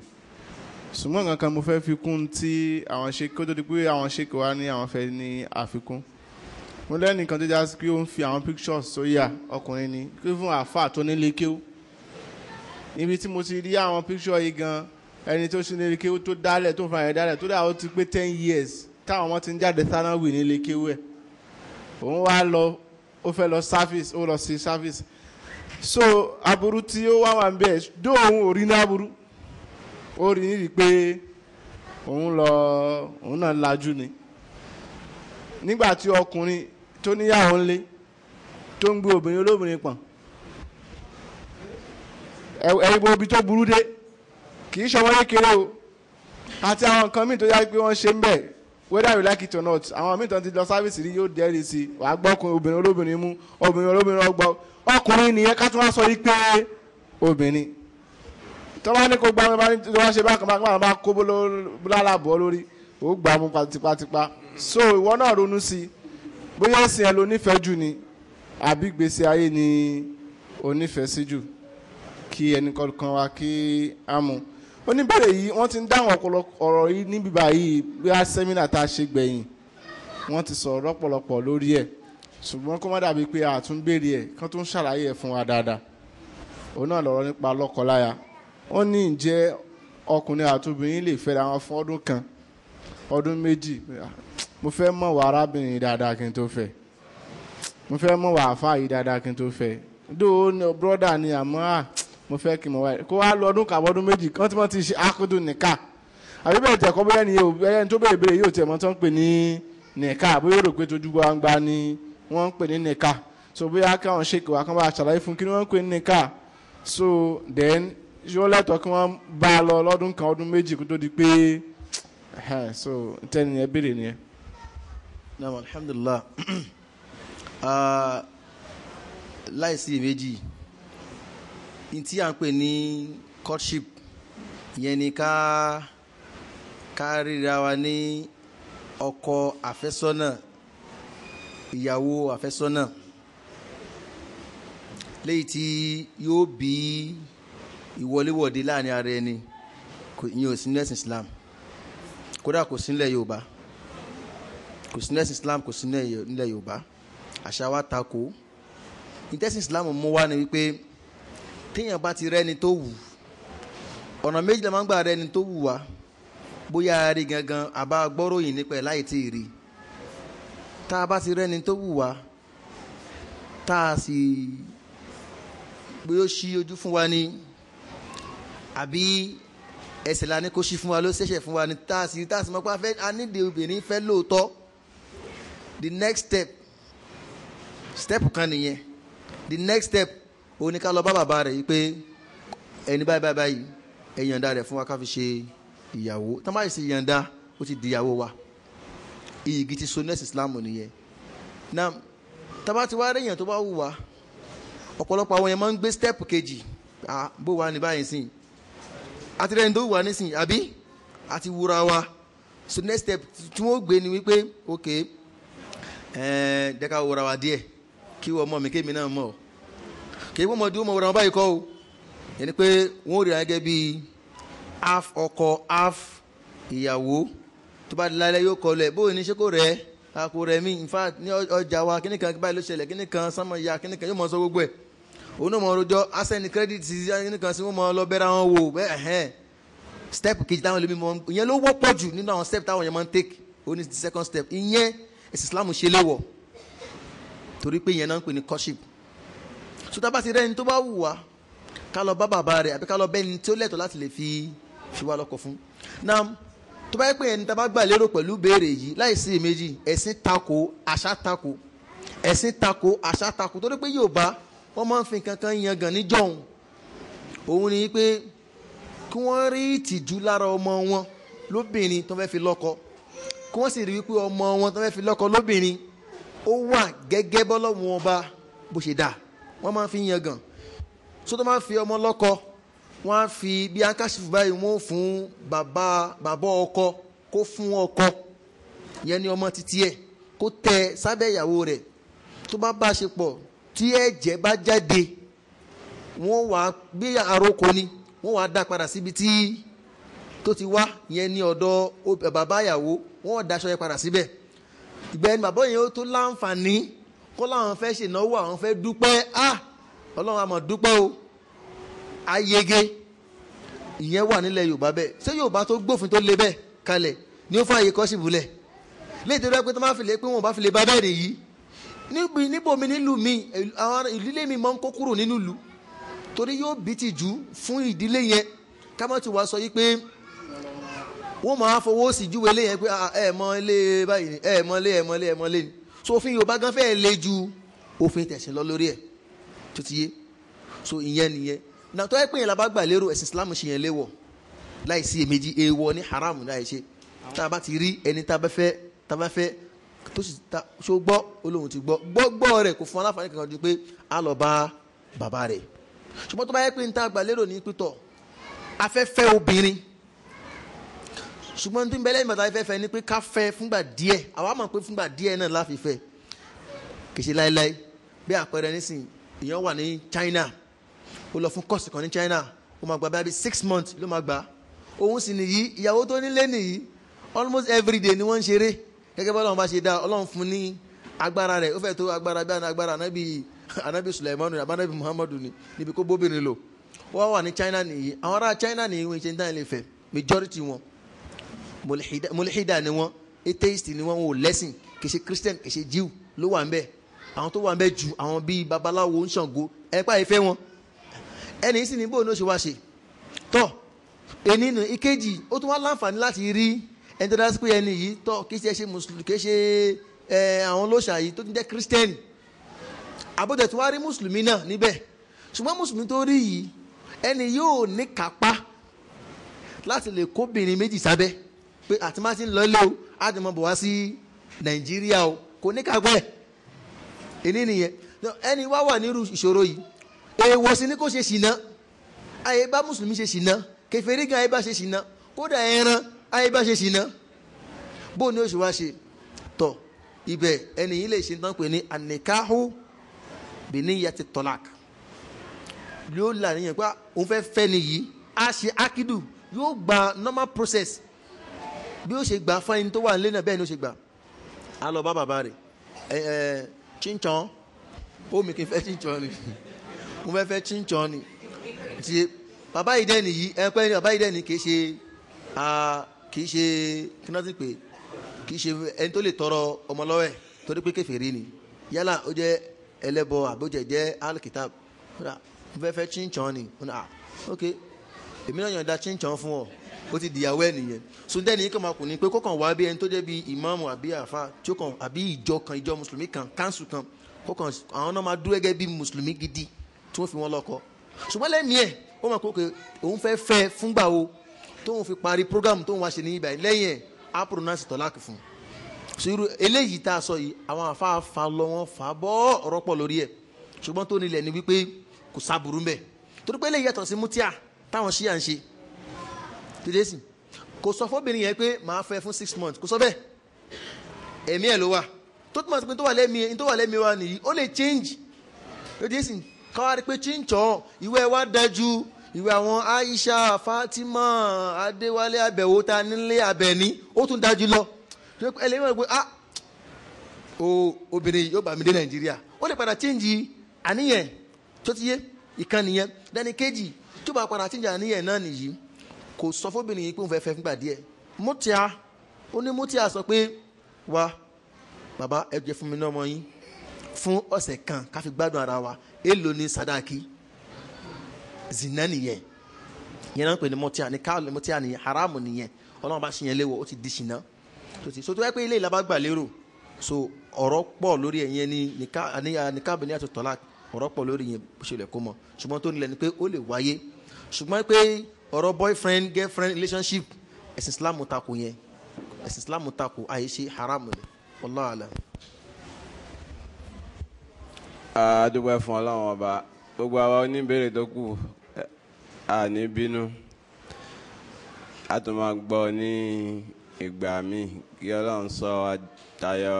ṣùgbọ́n kankan mo fẹ́ fi kún tí àwọn ṣe kó tó di pé àwọn ṣe kó ní àwọn fẹ́ ní àfikún mo lẹ́nìkan tó jásí pé ó ń fi àwọn pictures tó yà ọkùnrin ni pé fún àáfàá tó nílé kéwú níbi tí mo ti rí àwọn picture yìí gan ẹni tó ṣe nílé kéwú tó dálẹ̀ tó ń fa dálẹ̀ tó dà ó ti pé ten years táwọn ọmọ ti ń jáde sánáwì nílé kéwú ẹ̀ òun wá lọ ó fẹ́ lọ service ó lọ sí service so aburú tí ó wá wà ń bẹ̀ dó òun ò rí ní aburú ó rí ní pé òun lọ òun náà lajú ni nígbà tí ọkùnrin tó níyàwó ńlé tó ń gbé obìnrin olóbìnrin pọ̀n ẹ̀wọ̀n ibi tó burú dé kì í ṣọwọ́ kékeré o àti àwọn nǹkan míì tó yá pé wọ́n ṣe ń bẹ̀ whether you like it or not àwọn míì tán ti lọ sáfíìsì rí yóò jẹ́rìí sí wàá gbọ́kùnrin obìnrin olóbìnrin mú obìnrin olóbìnrin ọgbọ́ ọkùnrin nìyẹn ká tún wá sọ yí pé obìnrin tọ́ba ní kó gbá mi bá ní tí wọ́n ṣe bákan bákan bá kó lálàbọ̀ lórí ó gbà mú tipátipá so ìwọ náà ronú sí i bóyá ẹ̀sìn ẹ̀ ló nífẹ̀ẹ́ jù ni àbí gbèsè ayé ni onífẹ̀ẹ́ sí jù kí ẹnì kọ̀ọ̀kan wa kí á mú un oníbẹ̀rẹ̀ yìí wọ́n ti ń dáhùn ọ̀pọ̀lọpọ̀ ọ̀rọ̀ yìí níbi báyìí bí a sẹ́mínà tá a ṣe gbẹ̀yìn wọ́n ti sọ̀rọ̀ lọ́pọ̀lọpọ̀ lórí ẹ̀ ṣùgbọ́n kó má dàbí pé àtún béèrè ẹ̀ kán tó ń ṣàlàyé ẹ̀ fún wa dáadáa òun náà lọ̀rọ̀ nípa lọ́kọláya ó ní ǹjẹ́ ọkùnrin àtobìnrin lè fẹ́ra wọn fún ọdún kan ọdún méjì mo fẹ́ mọ̀ wá arábìnrin dáadáa kí n tó fẹ́ mo fẹ́ mọ̀ wá àfáà yìí dáadáa kí n tó fẹ́ dóò brọ́dà ni àmọ́ à ah, mo fẹ́ kí mo wáyé kó wá lọ ọdún kàwọ́ ọdún méjì kí wọ́n ti ṣe akudu nìka àbí bẹ́ẹ̀ tẹ̀ kọ́ bóyá nìyẹn ẹni tó bẹ̀rẹ̀ bẹ̀rẹ̀ yóò tẹ̀ mọ́ tó ń pè ní nìka bóyá rò pé tójú gbangba ni wọ́n ń pè ní nìka so bóyá káwọn ṣe kí wà kán bá ṣàlàyé fún kí ni wọ́n ń pè ní nìka so then yóò lẹ́tọ̀ọ́ kí wọ́n bá a lọ lọ́dún kan ọdún méjì kó tó di pé so tẹ́ni yẹn béèrè nìyẹn. naam alhamdulilah ah, láìsí iyèméjì yìí n tí à ń pè ní courtship ìyẹn ni ká ká ríra wa ní ọkọ àfẹ́sọ́nà ìyàwó àfẹ́sọ́nà léyìí tí yóò bí ìwọléwọ̀de láàrin ara ẹni ìyẹn ò sí nílẹ̀ Islam kódà kò sí nílẹ̀ Yorùbá kò sí nílẹ̀ Islam kò sí nílẹ̀ Yorùbá àṣà wa takò ìtẹ́sí Islam mú wá ni wípé téèyàn bá ti rẹ́ni tó wù ọ̀nà méjì máa ń gbà rẹ́ni tó wù wá bóyá rí gangan àbá gbọ́ròyìn nípa láì tí ì rí tá a bá ti rẹ́ni tó wù wá tá a sì pé ó ṣí ojú fún wa ni àbí ẹsẹ̀ la ní kó ṣí fún wa ló ṣẹ̀ṣẹ̀ fún wa ni tá a sì tá a sì mọ̀ pé a fẹ́ a nídìí obìnrin fẹ́ lóòótọ́ the next step step kan nìyẹn the next step ó ní ká lọ bá bàbá rẹ̀ yìí pé ẹni báyìí báyìí báyìí ẹ yọ̀ǹda rẹ̀ fún wa ká fi ṣe ìyàwó tán báyìí sì yọ̀ǹda ó ti di ìyàwó wa iyìgì ti so nẹ́ẹ̀sì Islam nìyẹn náà tábà ti wá rí èèyàn tó bá wù wá ọ̀pọ̀lọpọ̀ àwọn yẹn máa ń gbé step kejì bó wà ní báyìí sìn àti rẹ̀ ń tó wù wá nísìn àbí àti wúra wa so next step tí wọ́n gbé ni wípé ok ẹ̀ẹ́d jẹ́ ká wúra wa díẹ̀ kí wọ́n mọ̀ mí kémi náà mọ̀ ọ́ kì í wọ́n mọ̀ọ́dún mọ̀ wọ́n wọn báyìí kọ́ o ẹni pé wọ́n ò rí àwọn gẹ́gẹ́ bíi half ọkọ half ìyàwó tó bá lálẹ́ yóò kọlẹ̀ bó o ní ṣe rẹ̀ àpò rẹ̀ mí in fact ní ọjà wa kíní kan báyìí ló ṣẹlẹ̀ kíní kan sánmọ̀ ya kíní kan yóò mọ̀ sọ gbogbo ẹ̀ òun náà mọ̀ rojọ́ asẹ́ni kírẹ́dìtì kíní kan sí wọ́n mọ̀ lọ bẹ́ra wọn wò bẹ́ẹ̀ step kejì táwọn ẹlòmíì mọ̀ ìyẹn ló wọ́pọ̀ jù nínú àwọn step táwọn yẹn máa ń take ó ní second step ìyẹn ẹ̀sìn Islam ṣe léwọ̀ torí pé ìyẹn náà ń pè ní courtship so tá a bá ti rẹ́ni tó bá wù wá ká lọ bá bàbá rẹ̀ àbí ká lọ bẹ́ni tí ó lẹ́tọ̀ọ́ láti lè fi fi wá lọ́kọ fún náà tó bá yẹ pé ẹni tá a bá gbà lérò pẹ̀lú béèrè yìí láìsí èméjì ẹ̀sìn tako àṣà tako ẹ̀sìn tako àṣà tako torí pé Yorùbá wọ́n máa ń fi kankan yangàn níjọ́hun òun ni pé kí wọ́n rí ìtìjú lára ọmọ wọn lóbìnrin tó fẹ́ fi lọ́kọ kí wọ́n sì rí wípé ọmọ wọn tó fẹ́ fi lọ́kọ lóbìnrin ó wà gẹ́gẹ́ bọ́lọ́mù ọba bó ṣe dáa wọ́n máa fi ń yangàn so tó máa fi ọmọ lọ́kọ wọ́n á fi bí akáṣífù báyìí wọ́n fún bàbá bàbá ọkọ kó fún ọkọ yẹn ni ọmọ títí ẹ̀ kó tẹ sábẹ́ ìyàwó rẹ̀ tó bá bá a ṣe pọ̀ tí ẹ̀jẹ̀ bá jáde wọ́n wàá bí àrokò ni wọ́n wàá dá padà síbi tí tó ti wá yẹn ní ọ̀dọ̀ bàbá ìyàwó wọ́n dá aṣọ yẹn padà síbẹ̀ ìgbẹ́ni bàbá yẹn tó láǹfààní kó láwọn fẹ́ ṣènáwó àwọn fẹ́ dúpẹ́ ah ọlọ́run àmọ̀ dúpẹ́ o ayege ìyẹn wà nílẹ̀ yorùbá bẹ́ẹ̀ ṣé yorùbá tó gbófin tó le bẹ́ẹ̀ kalẹ̀ ni ó fààyè kọ́ síbùlẹ̀ léèdè rẹ pé tó máa fi lè pé wọn ò bá fi lè bá bẹ́ẹ̀ nìyí níbi níbòmí nílùú mi àwọn ìdílé mi máa ń kó kúrò nínú ìlú torí yóò bí ti jù fún ìdílé yẹn ká má ti wá sọ yí pé wọ́n máa fowó sí júwe lé yẹn pé ah, ah, ẹ̀ mọ ilé báyìí ẹ̀ mọ ilé ẹ̀ mọ ilé ẹ̀ mọ ilé ni so òfin Yorùbá gan fẹ́ẹ́ le ju òfin tẹ̀sìn lọ lórí ẹ̀ tó ti yé so ìyẹn nìyẹn náà tó yẹ pé yẹn la bá gbà lérò ẹ̀sìn Islam ṣe yẹn léwọ̀ láì sí èméjì èèwọ̀ ní haram láì ṣe tá a bá ti rí ẹni tá a bá fẹ́ tá a bá fẹ́ tó sì ta ṣó gbọ́ olóhùn ti gbọ́ gbọ́gbọ́ rẹ̀ kò fún aláfààní kankan ju pé a lọ bá bàbá rẹ̀ ṣùgbọ́n tó bá yẹ pé ní tá a gbà lérò ní pítọ̀ afẹ́fẹ́ obìnrin ṣùgbọ́n tí ń bẹ lẹ́yìn fẹ́ fẹ́ ni pé ká fẹ́ fúngbà díẹ̀ àwa mọ̀ pé fúngbà díẹ̀ náà láfi fẹ́ kì í ṣe láéláé bí àpẹẹrẹ nísìnyí èèyàn wà ní China ó lọ fún kọ́ọ̀sì kan ní China ó máa gba bíi àbí six months ló máa gbà òun sì nìyí ìyàwó tó nílé nìyí almost every day ni wọ́n ń ṣeré gẹ́gẹ́ bọ́lá wọn bá ṣe dá ọlọ́run fún ní agbára rẹ̀ ó fẹ́ tó agbára bí agbára anábì anábì Sulaimanu anábì Muhammadu ni níbi kó bóbìnrin lò wọ́n wà ní China nìyí àwọn ará China nìyí wọ́n ṣe ń dá ilé fẹ́ majority wọn mulhida ni wọ́n atheist ni wọ́n wọn ò lẹ́sìn kì í ṣe christian kì í ṣe jew ló wà ń bẹ̀ àwọn tó wà ń bẹ̀ jù àwọn bíi babaláwo ń ṣàngó ẹ̀pá ìfẹ́ wọn ẹni sì ní bóun ló ṣe wá ṣe tọ́ ẹni nù ìkejì ó tún wá láǹfààní láti rí ẹni tó dáa ẹni yìí tọ́ kì í ṣe ṣe mùsùlùmí kì í ṣe àwọn olóṣà yìí tó ti jẹ́ christian àbọ̀dẹ̀ tó wá rí mùsùlùmí náà níbẹ̀ ṣùgbọ́n mùsùlùmí tó rí yìí ẹni yóò ní kápá láti lè kóbìnrin méjì sábẹ́ pé àti má ti ń lọ ilé o á ti mọ bọ̀ wá sí nàìjíríà o kò ní kápẹ́ ẹni nìyẹn ẹni wá wà nírú ìṣòro yìí èèwọ̀ sí ni kò ṣe ṣìnà àyè bá mùsùlùmí ṣe ṣìnà kèfèrí gan àyè bá ṣe ṣìnà kódà ẹran àyè bá ṣe ṣìnà bó ni ó ṣe wá ṣe tọ ibẹ̀ ẹni yìí lè ṣe tán pé ní anikahu biniyati tolak yóò là níyẹn pé òun fẹ́ fẹ́ nìyí a ṣe akidu yóò gba normal process bí ó ṣe gbà fún ẹni tó wà nílé náà bẹ́ẹ̀ ni ó ṣe gbà á lọ bá bàbá rẹ̀ ẹ ẹ chinchan ó mi kì í fẹ́ chinchan ni mo fẹ́ fẹ́ chinchan ni ti bàbá yìí dẹ́ni yìí ẹ pẹ́ bàbá yìí dẹ́ni kì í ṣe kì í ṣe kí náà kì í ṣe ẹni tó lè tọrọ ọmọ torí pé kèfèrí ni yálà ó jẹ́ ẹlẹ́bọ àbójẹ̀ jẹ́ alikitab mo fẹ́ fẹ́ chinchan ni ok èmi náà yàn dá chinchan fún ọ ó ti dìyàwó ẹ̀ nìyẹn so dẹ́ni kí ọmọ kò ní pé kókàn wá bí ẹni tó jẹ́ bí ìmáàmù àbí àfa tí ó kàn àbí ìjọ kan ìjọ mùsùlùmí kan káńsù kan kókàn àwọn náà máa dúró gẹ́gẹ́ bí mùsùlùmí gidi tí wọ́n fi wọn lọ́kọ ṣùgbọ́n lẹ́mìí ẹ̀ ó mọ̀ pé òun fẹ́ fẹ́ fúngbà o tóun fi parí program tóun wá ṣe ní ibà lẹ́yìn ẹ̀ á pronounce tọ́láàkì fún un sùúrù eléyìí tá a sọ yìí àwọn ni wípé kò sábùrú mbẹ̀ torí pé eléyìí yàtọ̀ sí mútíà táwọn ṣíyà ń ṣe dídé sí kò sọ fóbìnrin yẹn pé màá fẹ́ fún six months kò sọ bẹ́ẹ̀ ẹ̀mí ẹ̀ ló wà tó túmọ̀ sí pé tó wà lẹ́mí tó wà lẹ́mí wa nìyí ó lè change dídé sí káwárí pé chíńchọ́ ìwé wa dájú ìwé àwọn Aisha Fatima Adéwálé abẹ̀wò ta nílé abẹ̀ní ó tún dájú lọ ẹlẹ́yìn wọn pé ah o obìnrin yóò bá mi dé nàìjíríà ó lè padà chíńjì àníyàn tó ti yé ìkànnì yẹn dání kejì tó bá padà chíńjì àníyàn náà nìyí kò sọ fóbìnrin yìí pé òun fẹ́ fẹ́ fúngbà díẹ̀ mútíà ó ní mútíà sọ pé wá bàbá ẹ fún mi ní ọmọ yín fún ọ̀sẹ̀ kan ká fi gbádùn ara wa èèlò ní sadaki zina nìyẹn yẹn náà pè ní mútíà ní káàlù mútíà nìyẹn haramu nìyẹn ọlọ́run bá ṣe yẹn léwọ̀ ó ti di ṣìnà tó ti so tó yẹ pé ilé ìlàbá gbà lérò so ọ̀rọ̀ pọ̀ lórí ẹ̀yẹn ní nìkábìnrin àti tọ́lá ọ̀rọ̀ pọ̀ lórí yẹn bó ṣe lè kó mọ ṣùgbọ́n tó nílẹ̀ ni pé ó lè wáyé ṣùgbọ́n pé ọ̀rọ̀ boyfriend girlfriend relationship ẹ̀sìn islam takò yẹn ẹ̀sìn islam takò àyè ṣe haram ni wallahu alam. àdúgbò fún ọlọ́run ọba gbogbo àwa oníbèrè tó kù àní bínú a tún máa gbọ́ ní ìgbà míì kí ọlọ́run sọ àtayọ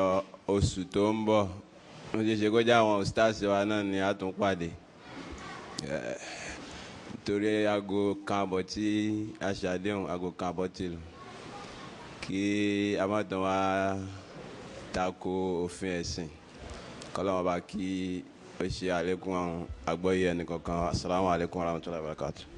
oṣù tó ń bọ̀ mo ti ṣe kó jẹ́ àwọn ustaz wa náà ni a tún pàdé. Yeah torí aago kan àbọ̀ tí a ṣàdéhùn aago kan àbọ̀ ti lù kí a má tán wá tako òfin ẹ̀sìn kọ́lọ́mọba kí ó ṣe àlékún àgbọ́yé ẹnìkọ̀ọ̀kan asalaamualeykum warahmatulahi wabarakatuh.